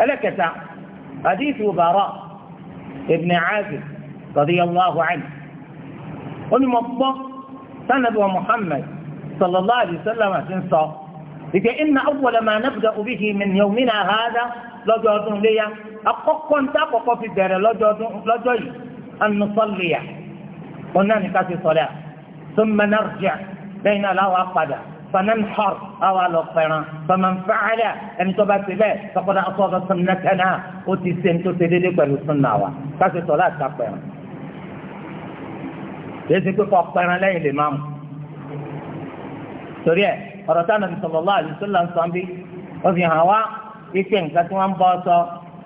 ألكتا حديث براء ابن عازب رضي الله عنه ولمطبق سند محمد صلى الله عليه وسلم تنصى لكي إن أول ما نبدأ به من يومنا هذا لجوة لي أقوى تقوى في الدار لجوة أن نصلي قلنا نكاتي صلاة ثم نرجع بين لا فننحر أو على الطيران فمن فعل أن تبات به فقد أصاب سنتنا وتسن تسددك والسنة كاسي صلاة الطيران يجب تقوى الطيران لين الإمام سوريا ọ̀rọ̀tánà sallallahu alaihi wasallam ń sọ bí wọ́n fi hàn wá ike nǹkan tí wọ́n ń bọ́ sọ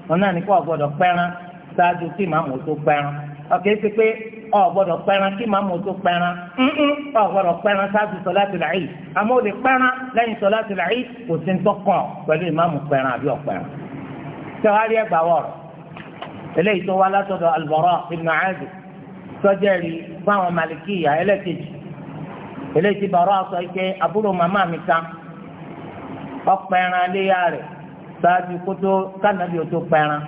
wọn náà ní kó ọ̀gbọ́dọ̀ pẹ́ran ṣáájú tí màmú tó pẹ́ran ọ̀kẹ́ ṣe pé ọ̀gbọ́dọ̀ pẹran kí màmú tó pẹran ọ̀gbọ́dọ̀ pẹran ṣáájú sọláàtì làáyì àmọ́ ò lè pẹran lẹ́yìn sọláàtì làáyì kò sí ń tọkàn pẹ̀lú ìmáàmù pẹran àbí ọ̀pẹran. tẹ́wárí ẹgbà wọ̀rọ̀ eléyìí tó wá látọ̀dọ̀ Al-Bara ibn Azib sọ́jẹ́rì fáwọn malikiya ẹlẹ́kejì eléyìí ti bàrọ̀ sọ pé àbúrò màmá mi kan ọ̀pẹran léyà rẹ̀ ṣáájú kótó kánàbí ò tó pẹran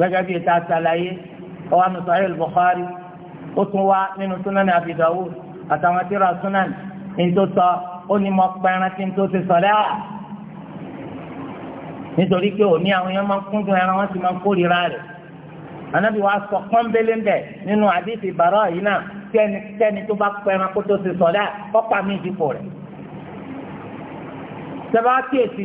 gẹ́gẹ́ bíi ta ṣàlàyé ọwọ́ amúsàlẹ̀ Bukhari ó tún wá nínú súnánì Abi Dawud àtàwọn tíra súnánì ní tó sọ ó ní mọ pẹ́ẹ́rán tí tó ti sọ̀rẹ́ à nítorí pé òní àwọn yẹn máa ń kúndùn ẹran wọn sì máa ń kórìíra rẹ̀ anábì wa sọ pọ́nbélé ń bẹ̀ nínú àdéhìí bàrọ̀ yìí náà tẹ́ni tẹ́ni tó bá pẹ́ẹ́rán kó tó ti sọ̀rẹ́ à ọ̀pá mi ìdìbò rẹ̀. sẹ́fà kíyèsí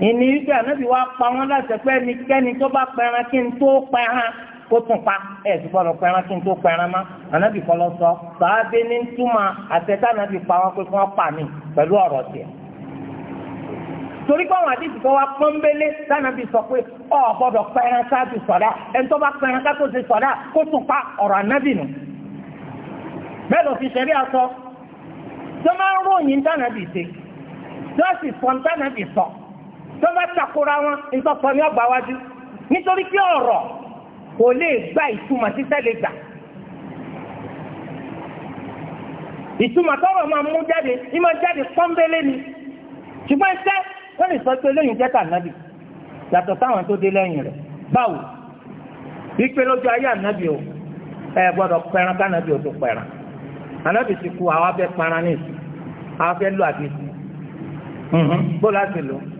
ìní ibi ànábì wa pa wọn láti pẹ́ ẹnikẹ́ni tó bá pẹran kí n tó pẹran kó tún pa ẹ̀ ti gbọ́dọ̀ pẹran kí n tó pẹran má ànábì kọ́ lọ sọ sàábé ní túmọ̀ àtẹ̀tẹ̀ ànábì pa wọn pé kí wọ́n pa mí pẹ̀lú ọ̀rọ̀ tiẹ̀ torí pé àwọn àdìsí kan wá pọ́nbélé sànàbí sọ pé ọ gbọ́dọ̀ pẹran káàtó sọ̀dá ẹni tó bá pẹran káàtó ṣe sọ̀dá kó tún pa ọ̀rọ̀ ànábì nù. bẹ́ẹ̀ ló tó bá takora wọn ìtọ́sọ ní ọgbà wájú nítorí pé ọ̀rọ̀ kò lè gba ìtumọ̀ títẹ́ lè gbà. ìtumọ̀ tọrọ máa mú jáde ní máa jáde pọ́nbélé ni ṣùgbọ́n ṣẹ́ wọ́n lè sọ pé lẹ́yìn jẹ́ta nábì yàtọ̀ táwọn tó dé lẹ́yìn rẹ̀ báwo wípé lójú ayé ànábì o ẹ gbọ́dọ̀ pẹran kánábì o tó pẹran ànábì ti kú àwa fẹ́ pẹran ní ìsìn àwa fẹ́ lọ àdìsí bó láti lò ó.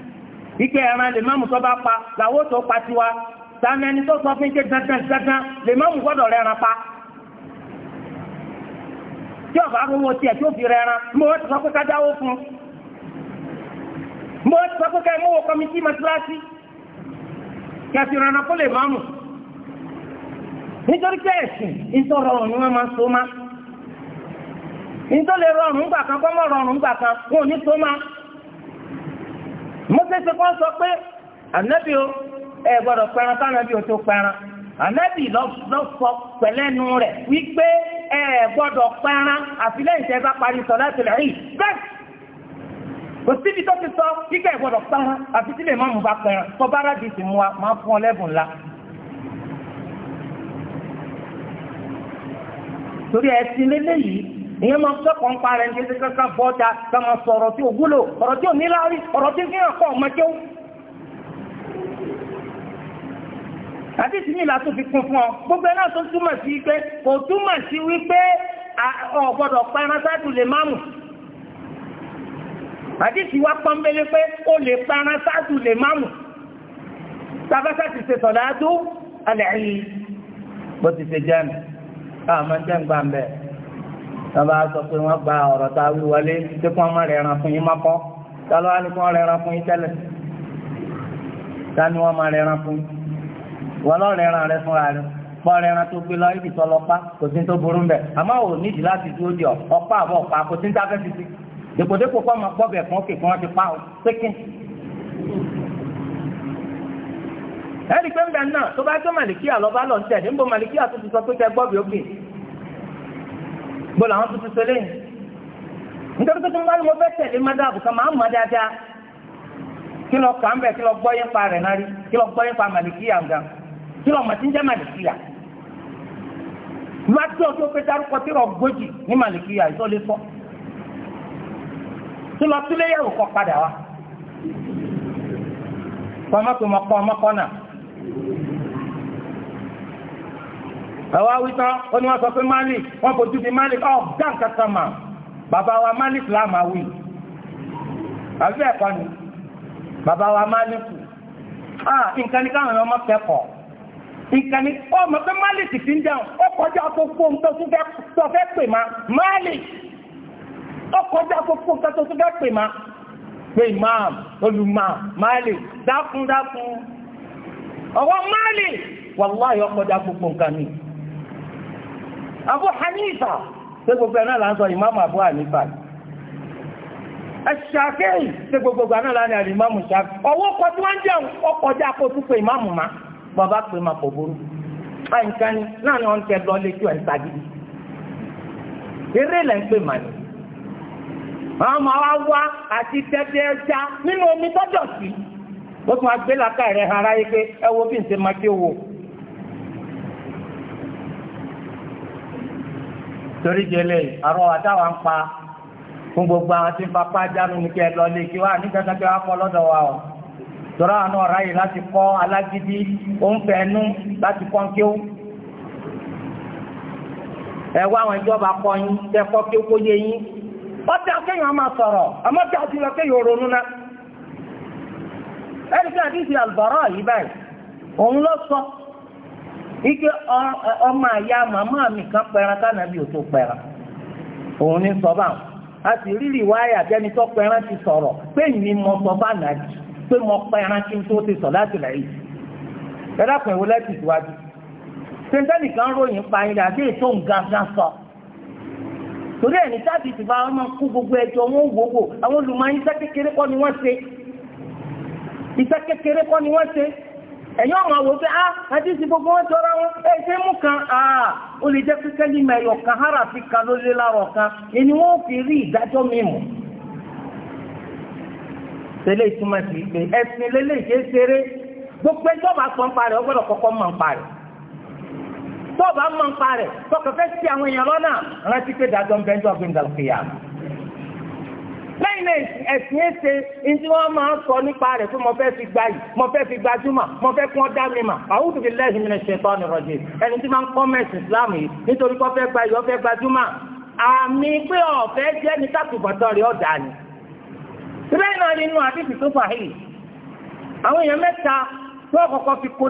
ike ẹran lè mọ́mù tó bá pa làwọ́ tó pa tiwa sani ẹni tó sọ fún ike dandan dandan lè mọ́mù gbọ́dọ̀ rẹran pa tí ọba arúgbó tiẹ̀ tó fi rẹran mo ti sọ pé ká dáwó fún mo ti sọ pé ká mọ́tíláṣí kó lè nítorí so rọrùn rọrùn mọ́tẹ́sẹ̀ kan sọ pé ànábì o ẹ gbọ́dọ̀ pẹran kánábì o tó pẹran ànábì lọ sọ pẹ̀lẹ́nu rẹ̀ wípé ẹ gbọ́dọ̀ pẹran àfilẹ́yìn tẹ́ bá parí sọ láti rẹ̀ yìí bẹ́ẹ̀ kò síbi tó ti sọ kíkẹ́ ẹ gbọ́dọ̀ pẹran àfi sílẹ̀ mọ́mú bá pẹran tó bá rádìí sì mú wa máa fún ọ lẹ́bùn la. torí ẹ̀sìn lélẹ́yìí ìyẹn máa sọ̀kọ̀ ń parẹ́ ní ṣe kankan bọ́ta ká máa sọ ọ̀rọ̀ tí ò wúlò ọ̀rọ̀ tí ò ní láárí ọ̀rọ̀ tí fi hàn kọ́ ọmọ tó. àti ìsinmi ìlà tó fi kún fún ọ gbogbo ẹ náà tó túmọ̀ sí pé kò túmọ̀ sí wípé ọ̀ gbọ́dọ̀ pa ẹran ṣáájú lè máàmù àdìsí wa pọ́nbélé pé ó lè paran sáàtù lè máàmù tàbátà ti ṣe sọ̀dá tó alẹ́ yìí bó ti ṣe jẹ́ mi jẹ́ ń gbà ń tọ́ba sọ pé wọ́n gba ọ̀rọ̀ tá a wí wọlé tí kò má rẹ̀ ẹran fún yín má kọ́ tọ́lọ́ wá ní kò rẹ̀ ẹran fún yín tẹ́lẹ̀ tá ni wọ́n má rẹ̀ ẹran fún yín wọ́n lọ́ rẹ̀ ẹran rẹ fúnra rẹ̀ pọ́n rẹ̀ ẹran tó gbé lọ ibi tọ́ lọ pa kò sí tó burú mbẹ̀ àmọ́ ò nídìí láti dúró di ọ̀pá àbọ̀ ọ̀pá kò sí tá a fẹ́ fi si dèpòdépò kọ́ máa gbọ́ bẹ̀ fún òkè kí wọ́n ti pa ọ́ pékin. ẹ̀rí pé ń bẹ̀ náà tó bá tó màlìkíà lọ bá lọ ń tẹ̀ níbo màlìkíà tó ti sọ pé kẹ́ gbọ́ bí ó gbìn bọ́lá àwọn tuntun sọ lẹ́yìn nítorí pé tí wọ́n bá ní mo fẹ́ tẹ̀lé mádàbù kan máa ń mọ̀ dáadáa kí lọ kà ń bẹ̀ kí lọ gbọ́ yín pa rẹ̀ náà rí kí lọ gbọ́ yín pa màlìkíyà ń gan kí lọ mọ̀ tí ń jẹ́ màlìkíyà má tí o tó fẹ́ dárúkọ tí lọ gbójì ní màlìkíyà ìtọ́ lè fọ́ tí lọ tún léyàwó kọ padà wá kọ́ ọmọ pé náà ẹ̀wá wítán ó ní wọ́n sọ pé malik wọ́n fojú di malik ọ̀ dán kankan mà bàbá wa malik láàmà wí àbí ẹ̀kọ́ ni bàbá wa malik ah nǹkan ní káwọn ọmọ kẹ́kọ̀ọ́ nǹkan ní ọmọ pé malik fi ń jẹun ó kọjá gbogbo nǹkan tó fẹ́ pè má malik ó kọjá gbogbo nǹkan tó fẹ́ pè má pé imam olùmọ̀ malik dákúndákún ọwọ́ malik wàláhì ó kọjá gbogbo nǹkan nìyí. Abu Hanifa ṣé gbogbo ẹ̀ náà là ń sọ ìmáàmù Abu Hanifa Ṣàfíì ṣé gbogbo ẹ̀ náà là ń rí ìmáàmù Ṣàfíì ọwọ́ kọ tí wọ́n ń jẹun ọkọjá kó tún pe ìmáàmù ma bàbá pè má kò burú àìǹkan ni náà ni wọ́n ń tẹ lọ létí ẹ̀ ń tagidi eré lẹ́ ń pè má ni àwọn ọmọ wa wá àti tẹ́tẹ́ ẹja nínú omi tọ́jọ̀ torí jẹlẹ àrọ àtàwọn ń pa fún gbogbo àwọn tí ń pa pàjánu ní kẹ lọ lé kí wá ní kankan kí wá kọ lọ́dọ̀ wa o tọ́ra àwọn ọ̀rá yìí láti kọ́ alágídí oúnfẹ́ ẹnu láti kọ́ kíó ẹwọ́ àwọn ìjọba kọ́ yín tẹ́kọ́ kí ó kó yé yín ọjà kéèyàn máa sọ̀rọ̀ àmọ́ bí àti lọ kéèyàn ronú náà ẹni tí àdìsí àlùbọ̀rọ̀ yìí báyìí òun ló sọ ike ọmọ àyà màmá mi kan pẹran kánàbí ò tó pẹran òun ní sọ báwọn a sì rírì wáyà jẹni tó pẹran ti sọ̀rọ̀ pé ní mo sọ bá nàájì pé mo pẹran kí n tó ti sọ láti lẹ́yìn ẹ̀dá pẹ̀ wọlé ti síwájú sèǹtẹ́nì kan ròyìn pa ilẹ̀ àti ètò ǹgangan sọ torí ẹni sáàbì ti bá ọmọ kú gbogbo ẹjọ́ wọn wòwò àwọn olùmọ̀ iṣẹ́ kékeré kọ́ ni wọ́n ṣe iṣẹ́ kékeré kọ́ ni wọ́n ṣe. ẹ̀yin ọmọ wò pé ah àti ti gbogbo wọn wọn ẹ mú kan ah o lè jẹ́ pé kan fi kan ló lé láàrọ̀ kan ẹni wọn fi rí ìdájọ́ mi tẹ́lẹ̀ ìtumọ̀ sí pé ẹ̀sìn lélẹ̀ gbogbo ẹjọ́ bá ń parẹ́ ọ gbọ́dọ̀ kọ́kọ́ mọ̀ ń parẹ́ o mọ̀ ń parẹ́ ka sí àwọn èèyàn lọ́nà rántí pé dájọ́ ń bẹ́ńdọ́ ya. lẹ́yìn náà ẹ̀sìn ẹ̀sẹ̀ ní tí wọ́n máa ń sọ nípa rẹ̀ pé mo fẹ́ fi gba yìí mo fẹ́ fi gbajúmọ̀ mo fẹ́ kún ọ́dá mi mà àwùjọ bíi lẹ́yìn nínú ṣe tọ́ ni rọ̀jì ẹni tí máa ń kọ́ mẹ́sì Islam yìí nítorí pé ọ̀fẹ́ gba yìí ọ̀fẹ́ gbajúmọ̀ àmì pé ọ̀fẹ́ jẹ́ ní tàkùbọ̀tọ̀ rẹ̀ ọ̀dà ni. bẹ́ẹ̀ náà nínú àdìsí tó fà yìí àwọn èèyàn mẹ́ta tó ọ̀kọ̀ọ̀kọ̀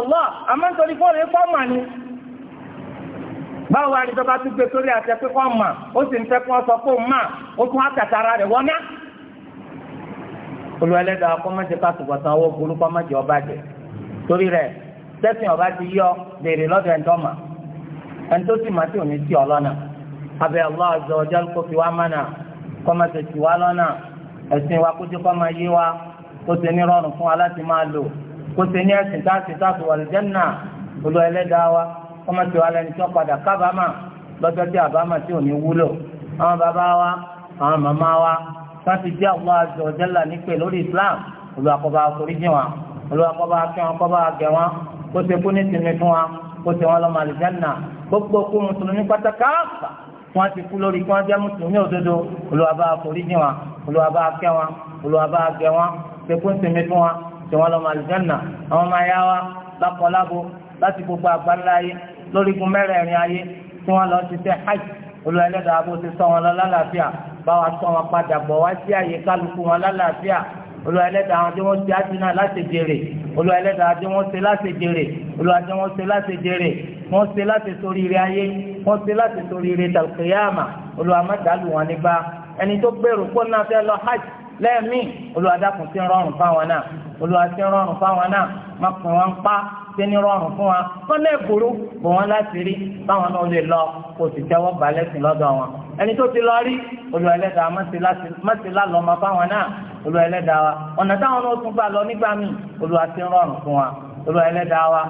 Allah àmọ́ ń torí fọ́ọ̀rẹ́ fọ́ọ̀mà báwo wá ní tọ́ba tún gbé sórí àtẹ pé kọ́ mà ó sì ń fẹ́ kí wọ́n sọ pé mà ó tún àtàtà ara rẹ̀ wọ́n ná. olùwẹ̀lẹ́dà ọkọ mẹ́jẹ ká tùbọ̀tà owó burúkú ọba jẹ torí rẹ̀ tẹ́sán ọba ti yọ béèrè lọ́dọ̀ ẹ̀ tọ́ mà ẹni tó sì mà tí ò ní sí ọlọ́nà abẹ́ Allah azza wa kó fi wá mánà kọ́ máa wá lọ́nà ẹ̀sìn wa kó jẹ́ kọ́ máa yé wa ọmọ tí wàá lẹni tí wọ́n padà kábàámà lọ́jọ́ tí àbámà tí ò ní wúlò àwọn bàbá wa àwọn màmá wa wọ́n ti jẹ́ Allah azza wa jalla nípè lórí Islam olùwàkọ́bà àforíjì wọn olùwàkọ́bà akẹ́wọn kọ́bà àgẹ̀ wọn kó ṣe kú ní sinmi fún wa kó ṣe wọn lọ́mọ àlùjánnà gbogbo kú mùsùlùmí pátákáàfà wọn ti kú lórí kí wọn jẹ́ mùsùlùmí òdodo olùwàbà àforíjì wọn olùwàbà akẹ́wọn olùwàbà àgẹ̀ wọn ṣe kú sinmi fún wa ṣe wọn lọ́mọ àlùjánnà àwọn ọmọ ayáwa lákọ̀ọ́lábo láti gbogbo àgbáńláyé lórí gun mẹ́rẹ̀ẹ̀rin ayé tí wọ́n lọ ti ṣe hajj olùwà ẹlẹ́dàá bó ti sọ wọn lọ lálàáfíà bá wa sọ wọn padà bọ̀ wá sí àyè kálukú wọn lálàáfíà olùwà ẹlẹ́dàá àwọn tí wọ́n ti ájú náà láti jèrè olùwà ẹlẹ́dàá tí wọ́n ti láti jèrè olùwà tí wọ́n ti láti jèrè wọ́n ti láti sórí ire ayé wọ́n ti láti sórí ire tàlùkìyàmà olùwà wọn nígbà ẹni tó gbèrò pọ́n náà fẹ́ lọ hajj lẹ́ẹ̀mí olùwà ti rọrùn fáwọn náà olúwa ṣe rọrùn fáwọn náà má pè wọ́n pa ṣe ní rọrùn fún wa wọ́n náà burú bò wọ́n láti rí báwọn náà lè lọ kó sì tẹ́wọ́ balẹ̀sìn lọ́dọ̀ wọn ẹni tó ti lọ rí olúwa ẹlẹ́dàá má ti lálọ́ ọmọ fáwọn náà olúwa wa ọ̀nà táwọn náà tún gbà lọ nígbà míì olúwa rọrùn fún wa olúwa wa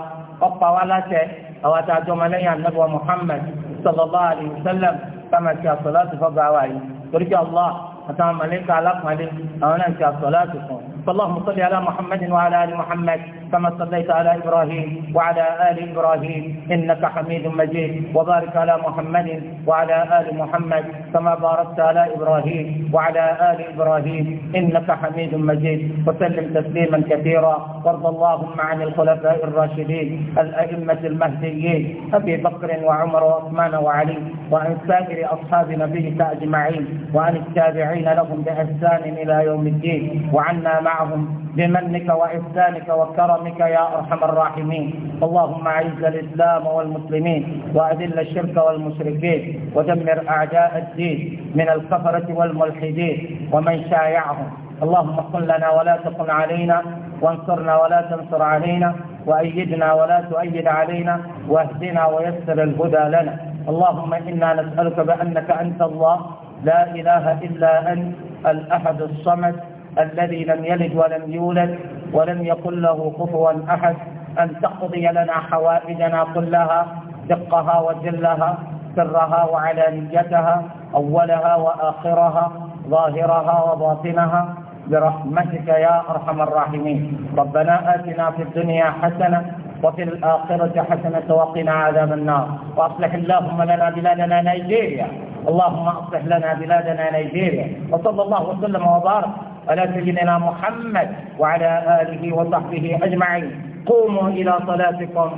ọ̀pá wa láṣẹ àwọn àtàjọ ọmọlẹ́yìn anábọ̀ Muhammad sallallahu alaihi wasallam kama ti àsọ̀láàtì fọ́gbà wa yìí torí kí Allah àtàwọn mọ̀lẹ́kà alákùnrin àwọn náà ti àsọ̀láàtì fún un. فاللهم صل على محمد وعلى ال محمد كما صليت على إبراهيم وعلى آل إبراهيم إنك حميد مجيد وبارك على محمد وعلى آل محمد كما باركت على إبراهيم وعلى آل إبراهيم إنك حميد مجيد وسلم تسليما كثيرا وارض اللهم عن الخلفاء الراشدين الأئمة المهديين أبي بكر وعمر وعثمان وعلي وعن سائر أصحاب نبيك أجمعين وعن التابعين لهم بإحسان إلى يوم الدين وعنا معهم بمنك وإحسانك وكرمك يا أرحم الراحمين اللهم أعز الإسلام والمسلمين وأذل الشرك والمشركين ودمر أعداء الدين من الكفرة والملحدين ومن شايعهم اللهم قل لنا ولا تقل علينا وانصرنا ولا تنصر علينا وأيدنا ولا تؤيد علينا واهدنا ويسر الهدى لنا اللهم إنا نسألك بأنك أنت الله لا إله إلا أنت الأحد الصمد الذي لم يلد ولم يولد ولم يكن له كفوا أحد أن تقضي لنا حوائجنا كلها دقها وجلها سرها وعلانيتها أولها وآخرها ظاهرها وباطنها برحمتك يا أرحم الراحمين ربنا آتنا في الدنيا حسنة وفي الآخرة حسنة وقنا عذاب النار وأصلح اللهم لنا بلادنا نيجيريا اللهم أصلح لنا بلادنا نيجيريا وصلى الله وسلم وبارك على سيدنا محمد وعلى آله وصحبه أجمعين قوموا إلى صلاتكم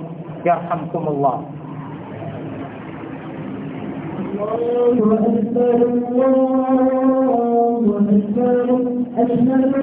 يرحمكم الله الله أكبر الله أكبر أشهد